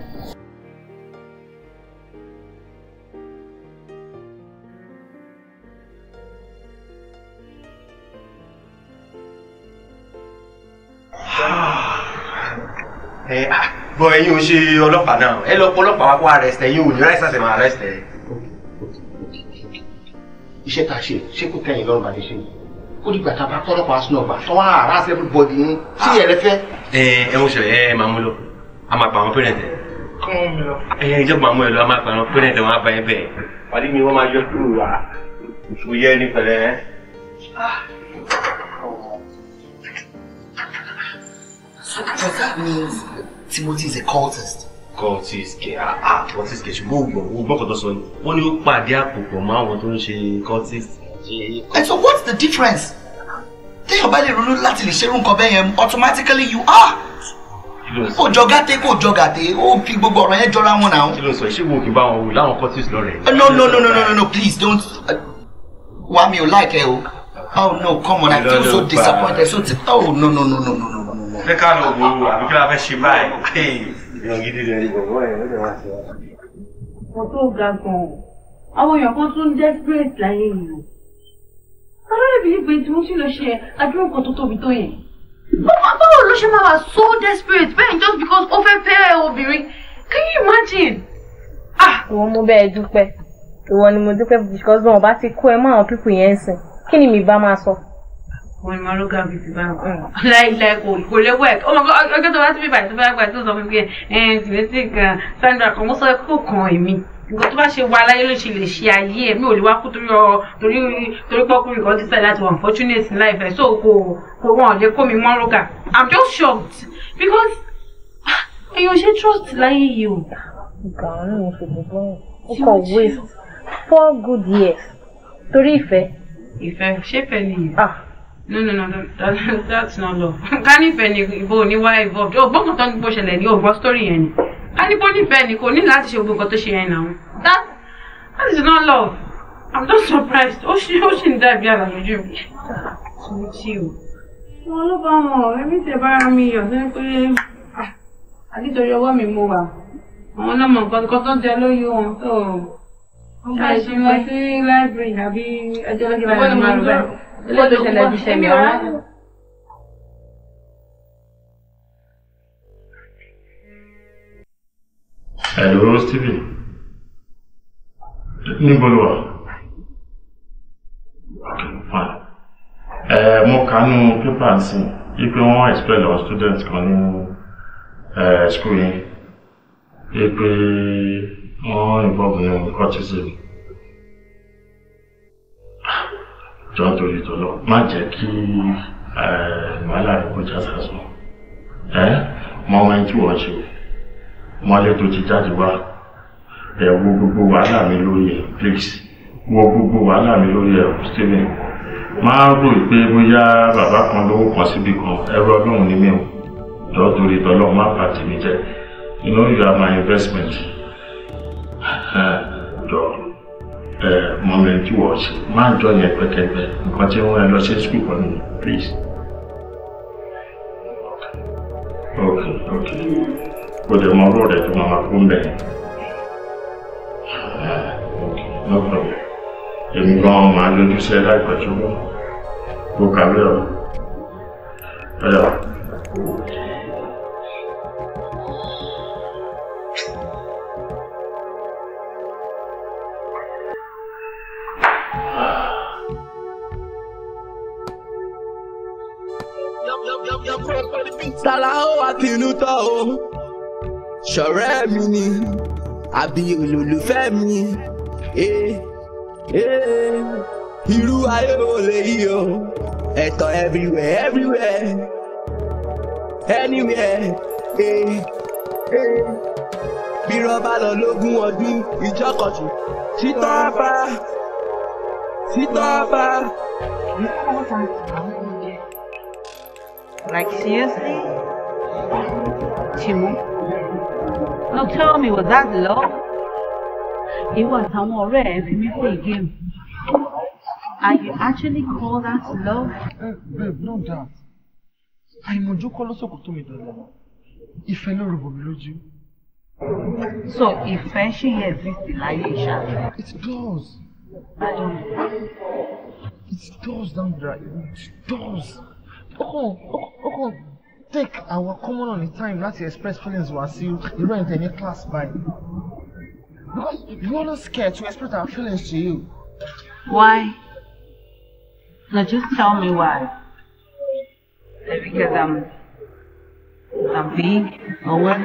Ah. Eh, ah. bọ ẹ̀yin ò ṣe ọlọ́pàá náà ẹ lọ pọ ọlọ́pàá wá kó arrest ẹ yín ò ní rice àti ma arrest ẹ iṣẹ́ tá ṣe ṣé kò tẹ̀yìn lọ́rùn bàdé ṣe ó dìgbà tá a bá kọ́lọ́pàá sínú ọgbà tó wá àrà sí everybody ní sí ẹ̀rẹ́ fẹ́. ẹ ẹ mo ṣe ẹ máa mú lọ a máa pa àwọn parent ẹ. kọ́ mi lọ. ìjọba mú ẹ a máa pa àwọn parent ẹ wọn á bá ẹ mi wọ́n máa yọ kúrò wá òṣùwò yẹ ní pẹ̀lẹ́. So that means Timothy is a cultist kọ́ tí ìsìkẹ́ àkọ́ tí ìsìkẹ́ ṣùgbọ́n ògbọ̀n ògbọ̀n kò tó sọ ni wọ́n ní ó pàdé àpòpọ̀ mọ́ àwọn tó ń ṣe kọ́ tí ìsìkẹ́. and so what's the difference? téèyàn bá lè ronú láti lè ṣerú nǹkan bẹ́ẹ̀ yẹn automatically you are kò jọ gàtẹ kò jọ gàtẹ ó fi gbogbo ọ̀rọ̀ yẹn jọra wọn náà. kí ló sọ ṣé wo kì í bá wọn wò láwọn cortis lọ rẹ. no no no no no no please don't wá mi ò láìkẹ o oh no come on i feel so disappointed so ti oh no no no no no no. fẹ́ ká lọ wo àbíkí fẹ́ ṣe báyìí èèyàn gidi rẹ̀ ni bọ̀bọ̀ ẹ̀ lọ́dọ̀ wá sí wa. wọn tó ga gan-an àwọn èèyàn kan tún desperate láyé yìí alárẹ̀ bíi pé tí wọ́n sì lọ ṣe àdúrà kan tó tóbi tó yẹn. báwo ló ṣe máa wà so desperate bẹ́ẹ̀ just because ó fẹ́ fẹ́ obìnrin can you imagine. ah ìwọ mo bẹ́ẹ̀ dúpẹ́ ìwọ ni mo dúpẹ́ because wọn bá ti kó ẹ mọ́ àwọn pípù yẹn ń sìn kí ni mi bá máa sọ ọkùnrin máa ló gàbí ti bá láìláì kò kò lè wẹ̀ ọmọ ọjọ́ tó bá ti fi bàjẹ́ tó bá gbà tó sọ fún mi pé tìrẹ́tì kan Sandra kan mo sọ pé kò kàn èmi nǹkan tó bá ṣe wà láyé ló ṣe lè ṣe ayé mi ò lè wá kú torí ọ torí torí pọkùnrin kan ti sẹ láti wà unfortunate in life so kò kò wọn lè kó mi mọ́ lóga I'm just shocked because ah, èèyàn ṣe trust láyé yìí o. ìgbà wọn náà ṣe gbogbo ẹ̀ ó waste four good years torí ìfẹ́. ìfẹ́ ṣé fẹ́ ni. ah no no no that, that, that's not law ká nífẹ̀ẹ́ ni ìbò oníwá evolved ó gbọ́n kan tó ń gbó ṣẹlẹ̀ ní ògbọ́ story yẹn ni ká níbo nífẹ̀ẹ́ ni kò ní láti ṣe gbogbo nǹkan tó ṣe yẹn náà that that is not love i'm just surprised ó ṣì ó ṣì ń dá ìbí àlàlójú mi tún tí o. wọn ló bá wọn ẹbí tẹ bára mi yọ sí pé àdìtòrí ah, ọwọ́ mi mo wà àwọn náà mọ nǹkan tó jẹ lórí wọn tó ṣàìṣe lọ sí library àbí ẹjọ́ ilé tó ṣẹlẹ̀ bí ṣẹlẹ̀ ọ̀hún. Hello, Stevie. Níbo ló wà? Okay, fine. Ẹ mo kánú pépà sí i pé wọ́n expel our students kan ní school yẹn. Ẹ pé wọ́n involve in cultism jọ nítorí tó lọ má jẹ́ kí wàhálà rẹ̀ kọjá sásán ẹ́ mọ ohun tí wọ́n ṣe mọ́lé tó ti jáde wá ẹ̀ wo gbogbo wàhálà mi lórí ẹ̀ please wo gbogbo wàhálà mi lórí ẹ̀ Stephen máa rò pé bóyá bàbá kan lówó kan síbi kan ẹrú ọlọ́run ní mẹ́wọ̀n jọ torí tọ́lọ́ má bà tèmi jẹ́ you know you are my investment. Uh, mọ mi tí wọ́n ṣe máa jọ yẹn pẹkẹpẹ nǹkan tí wọ́n lọ sí skul pọ̀ please. ok ok kò dẹ̀ mọ ọ̀rọ̀ rẹ̀ tó máa máa kún bẹ́ẹ̀. Ah, ok no problem èmi gan máa lójú sẹ́ láìpẹ́ tó bọ́ kó kàwé ọ̀ ọ̀yà. bínú tán o ṣọ̀rẹ́ mi ni àbí olólùfẹ́ mi ee ee irú ayé ò lè yí o ẹ̀tàn everywhere everywhere anywhere ee ee bí rọ́bà lọ lógún ọdún ìjọkọ̀tù títọ́ bá títọ́ bá. Like seriously? tìmú. Now tell me, was that love? It was ọ̀rẹ́ ẹ̀ fi mí pè géèmù. And you actually call that love? Uh, eh, babe, eh, no doubt. Àìmọ̀jú kọ́ ló sọ̀kò tó mi dandan. Ìfẹ́ ló rògbò mi lójú. So ìfẹ́ ṣì yẹ exist láyé ìṣá. It does. I don't know. It does, Dandra. It does. oh, oh take our common on the time láti express feelings wa you. irú ẹ̀yìn tẹ̀ any class by. because we are not scared to express our feelings to you. why? now just tell me why. because i'm i'm big or what.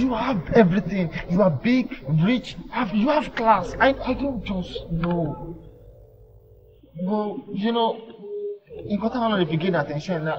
You have everything. You are big, rich, have, you have class. I, I don't just know. Well, you know, in Qatar, I don't know if attention now.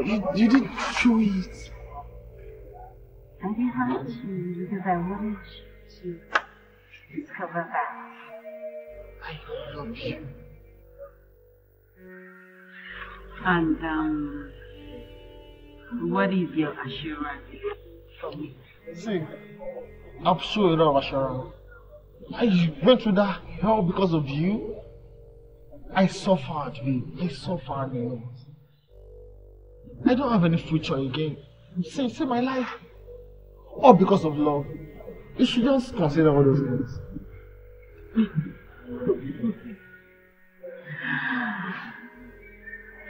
you, you did chew it? I didn't have to because I wanted to discover that. I love you. And um, what is your assurance for me? See, I'm so in love assurance. I went through that hell because of you. I suffered, babe. I suffered. Babe. I don't have any future again. Say, say my life. All because of love. You should just consider all those things.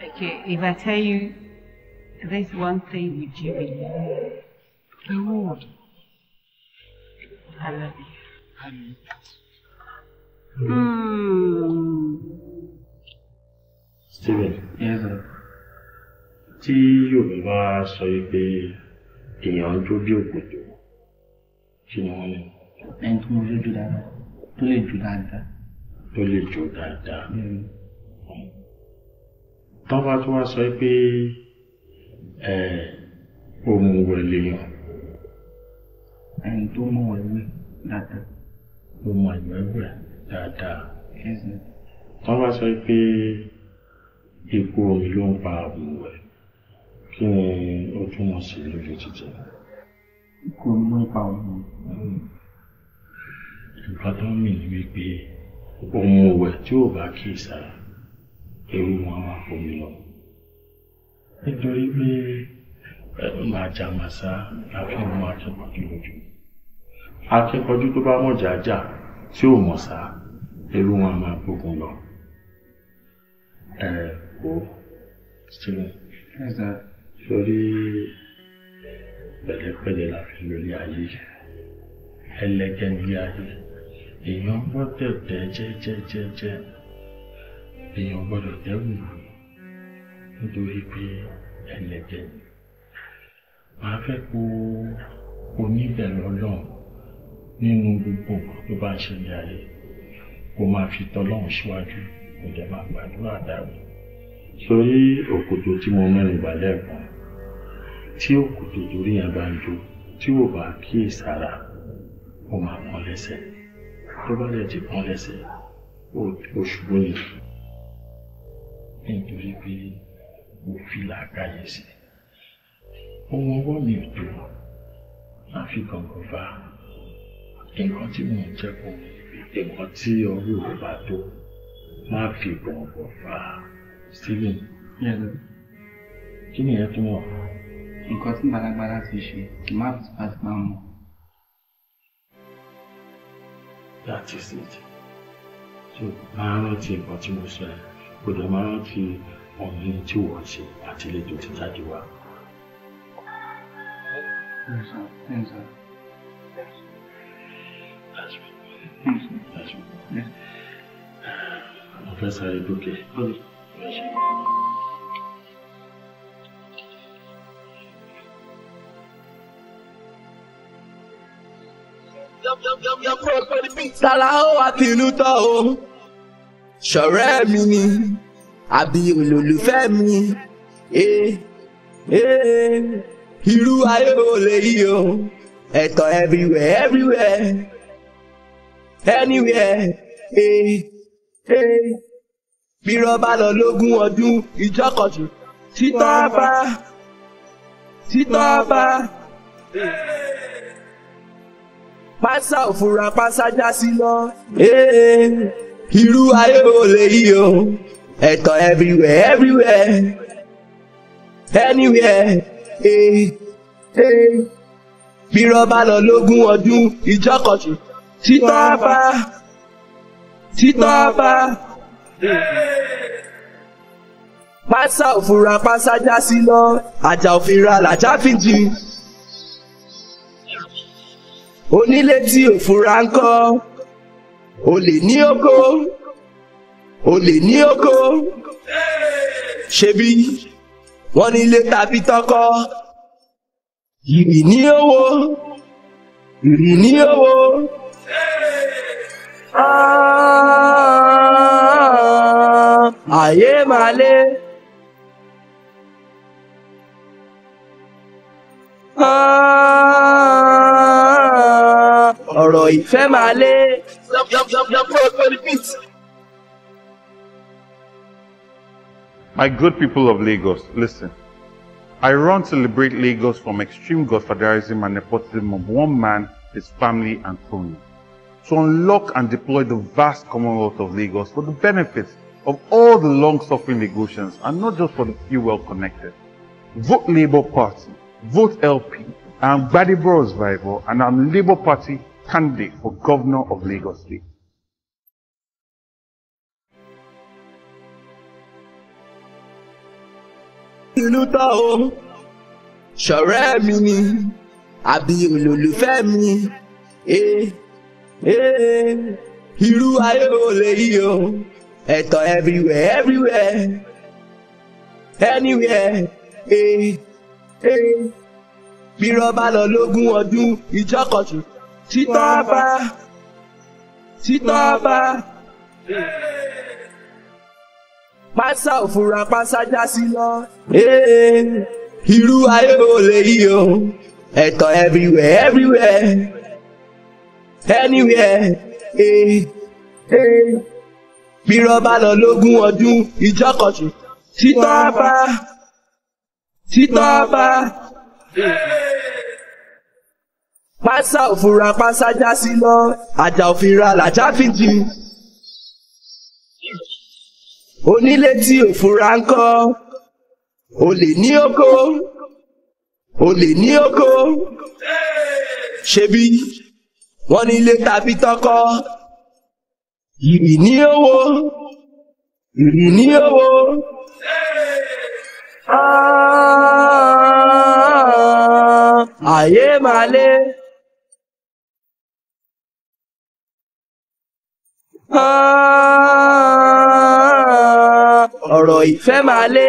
okay, if I tell you there's one thing with Jimmy. The would. I love you. I mean it. Mm. Steven. Yes, sir. tí Yorùbá sọ pé èèyàn jó bí òkòtò kí ni wọ́n ní. ẹni tó mọ lójú dáadáa tó lè jó dáadáa. tó lè jó dáadáa. Hmm. Hmm. tọ́ba tó wá sọ pé òun wẹ̀lẹ̀ yàn. ẹni tó mọ ìwé dáadáa. ó mọ ìwé wẹ̀ dáadáa. tọ́ba sọ pé ikú omi ló ń pa òun wẹ̀ kí ni ó túmọ̀ sí lóye jíjẹ. kò mú ipa ọmọ. Hmm. ìgbà tó ń mì wípé ohun ọ̀wẹ̀ tí ò bá kí ìsára ewu wọn wá fomi lọ. nítorí pé màá jà màá sá àfihàn máa lójú. akẹ́kọ̀ọ́jú tó bá mọ̀ jàjà tí ò mọ̀ sá ewu wọn máa gbógun lọ. ẹ o Steven. Yes, sir sórí pẹ̀lẹ́pẹ̀lẹ́ la fi lórí ayé ẹlẹ́gẹ́ nílé ayé èèyàn gbọ́dọ̀ tẹ́ jẹ́jẹ́jẹ́jẹ́ èèyàn gbọ́dọ̀ tẹ́ wùwù nítorí pé ẹlẹ́gẹ́ màá fẹ́ kó oníbẹ̀rẹ̀ ọlọ́run nínú gbogbo nǹkan tó bá ń ṣẹlẹ̀ ayé kó máa fi tọ́lọ́run síwájú kó dẹ̀ máa gbàdúrà dáwọ́ sórí òkòtò tí òkòtò lórí yẹn bá ń jó tí ò bá kíyèsára ó máa pọ́n lẹ́sẹ̀ tó bá lè ti pọ́n lẹ́sẹ̀ ó ṣubú ni nítorí pé mo fi làákàyè sí ohun ọwọ́ mi ò tó àfi gangan bá nǹkan tí mò ń jẹ́ kó nǹkan tí ọrùn ò bá tó má fi gangan bá sílẹ̀ kí ni ẹ tún wọ̀ nǹkan tí gbalagbà láti ṣe kì má fi tipátipá mọ. that is it so máa rántí nǹkan tí mo sọ kò dẹ̀ máa rántí ọ̀hún tí wọ́n ṣe àti ilé tó jáde wá. Thanks, sir. Thanks, sir. That's right. Thanks, sir. That's right. Yeah. Professor, are you okay? Okay. Yes, sir. tara ó wá tìlú tọ́ o ṣọ̀rẹ́ mi ni àbí olólùfẹ́ mi ee irú ayé ò lè o ẹ̀tọ́ everywhere everywhere anywhere ee ee bí rọ́bà lọ lógún ọdún ìjọkọ̀jù títọ́ bá títọ́ bá pásá òfura pásá já sí lọ. Eh, irú ayé wo lèyí o ẹ̀tọ́ everywhere everywhere anywhere. Eh, eh. bí rọ́bà lọ lógún ọdún ìjọkọ̀tù títọ́ bá títọ́ bá pásá òfura pásá já sí lọ àjà òfin ra làjá fìjì onílé tí ò fura ń kọ́ olè ní oko olè ní oko ṣebí wọ́n nílé tàbí tọkọ ìrì ní owó ìrì ní owó. Ayé máa lé. Ah. boy. beat. My good people of Lagos, listen. I run to liberate Lagos from extreme godfatherism and nepotism of one man, his family, and cronies. To unlock and deploy the vast Commonwealth of Lagos for the benefit of all the long-suffering Lagosians and not just for the few well-connected. Vote Labour Party, vote LP. I'm Buddy Bros Rival and I'm Labour Party candidate for governor of Lagos State. ṣọ̀rẹ́ mi ni àbí olólùfẹ́ mi ee ee irú ayé ò lè yí o ẹ̀tọ́ everywhere everywhere anywhere ee ee bí rọ́bà lọ lógún ọdún ìjọ́kọ̀tún títà bá títà bá pásá òfurá pásá já sí lọ. Eh, irú ayé wo lèyí o ẹ̀tọ́ everywhere everywhere anywhere. Eh, eh. bírọ̀ bá lọ lógún ọdún ìjọkọ̀ṣù títà bá títà pásá òfura pásá já sí lọ àjà òfira làjá fi jì onílé tí òfura ń kọ́ olè ní oko olè ní oko ṣebí wọ́n ní ilé tàbí tọkọ ìrì ní owó ìrì ní owó. Ayé Ah. ọ̀rọ̀ ìfẹ́ máa lé.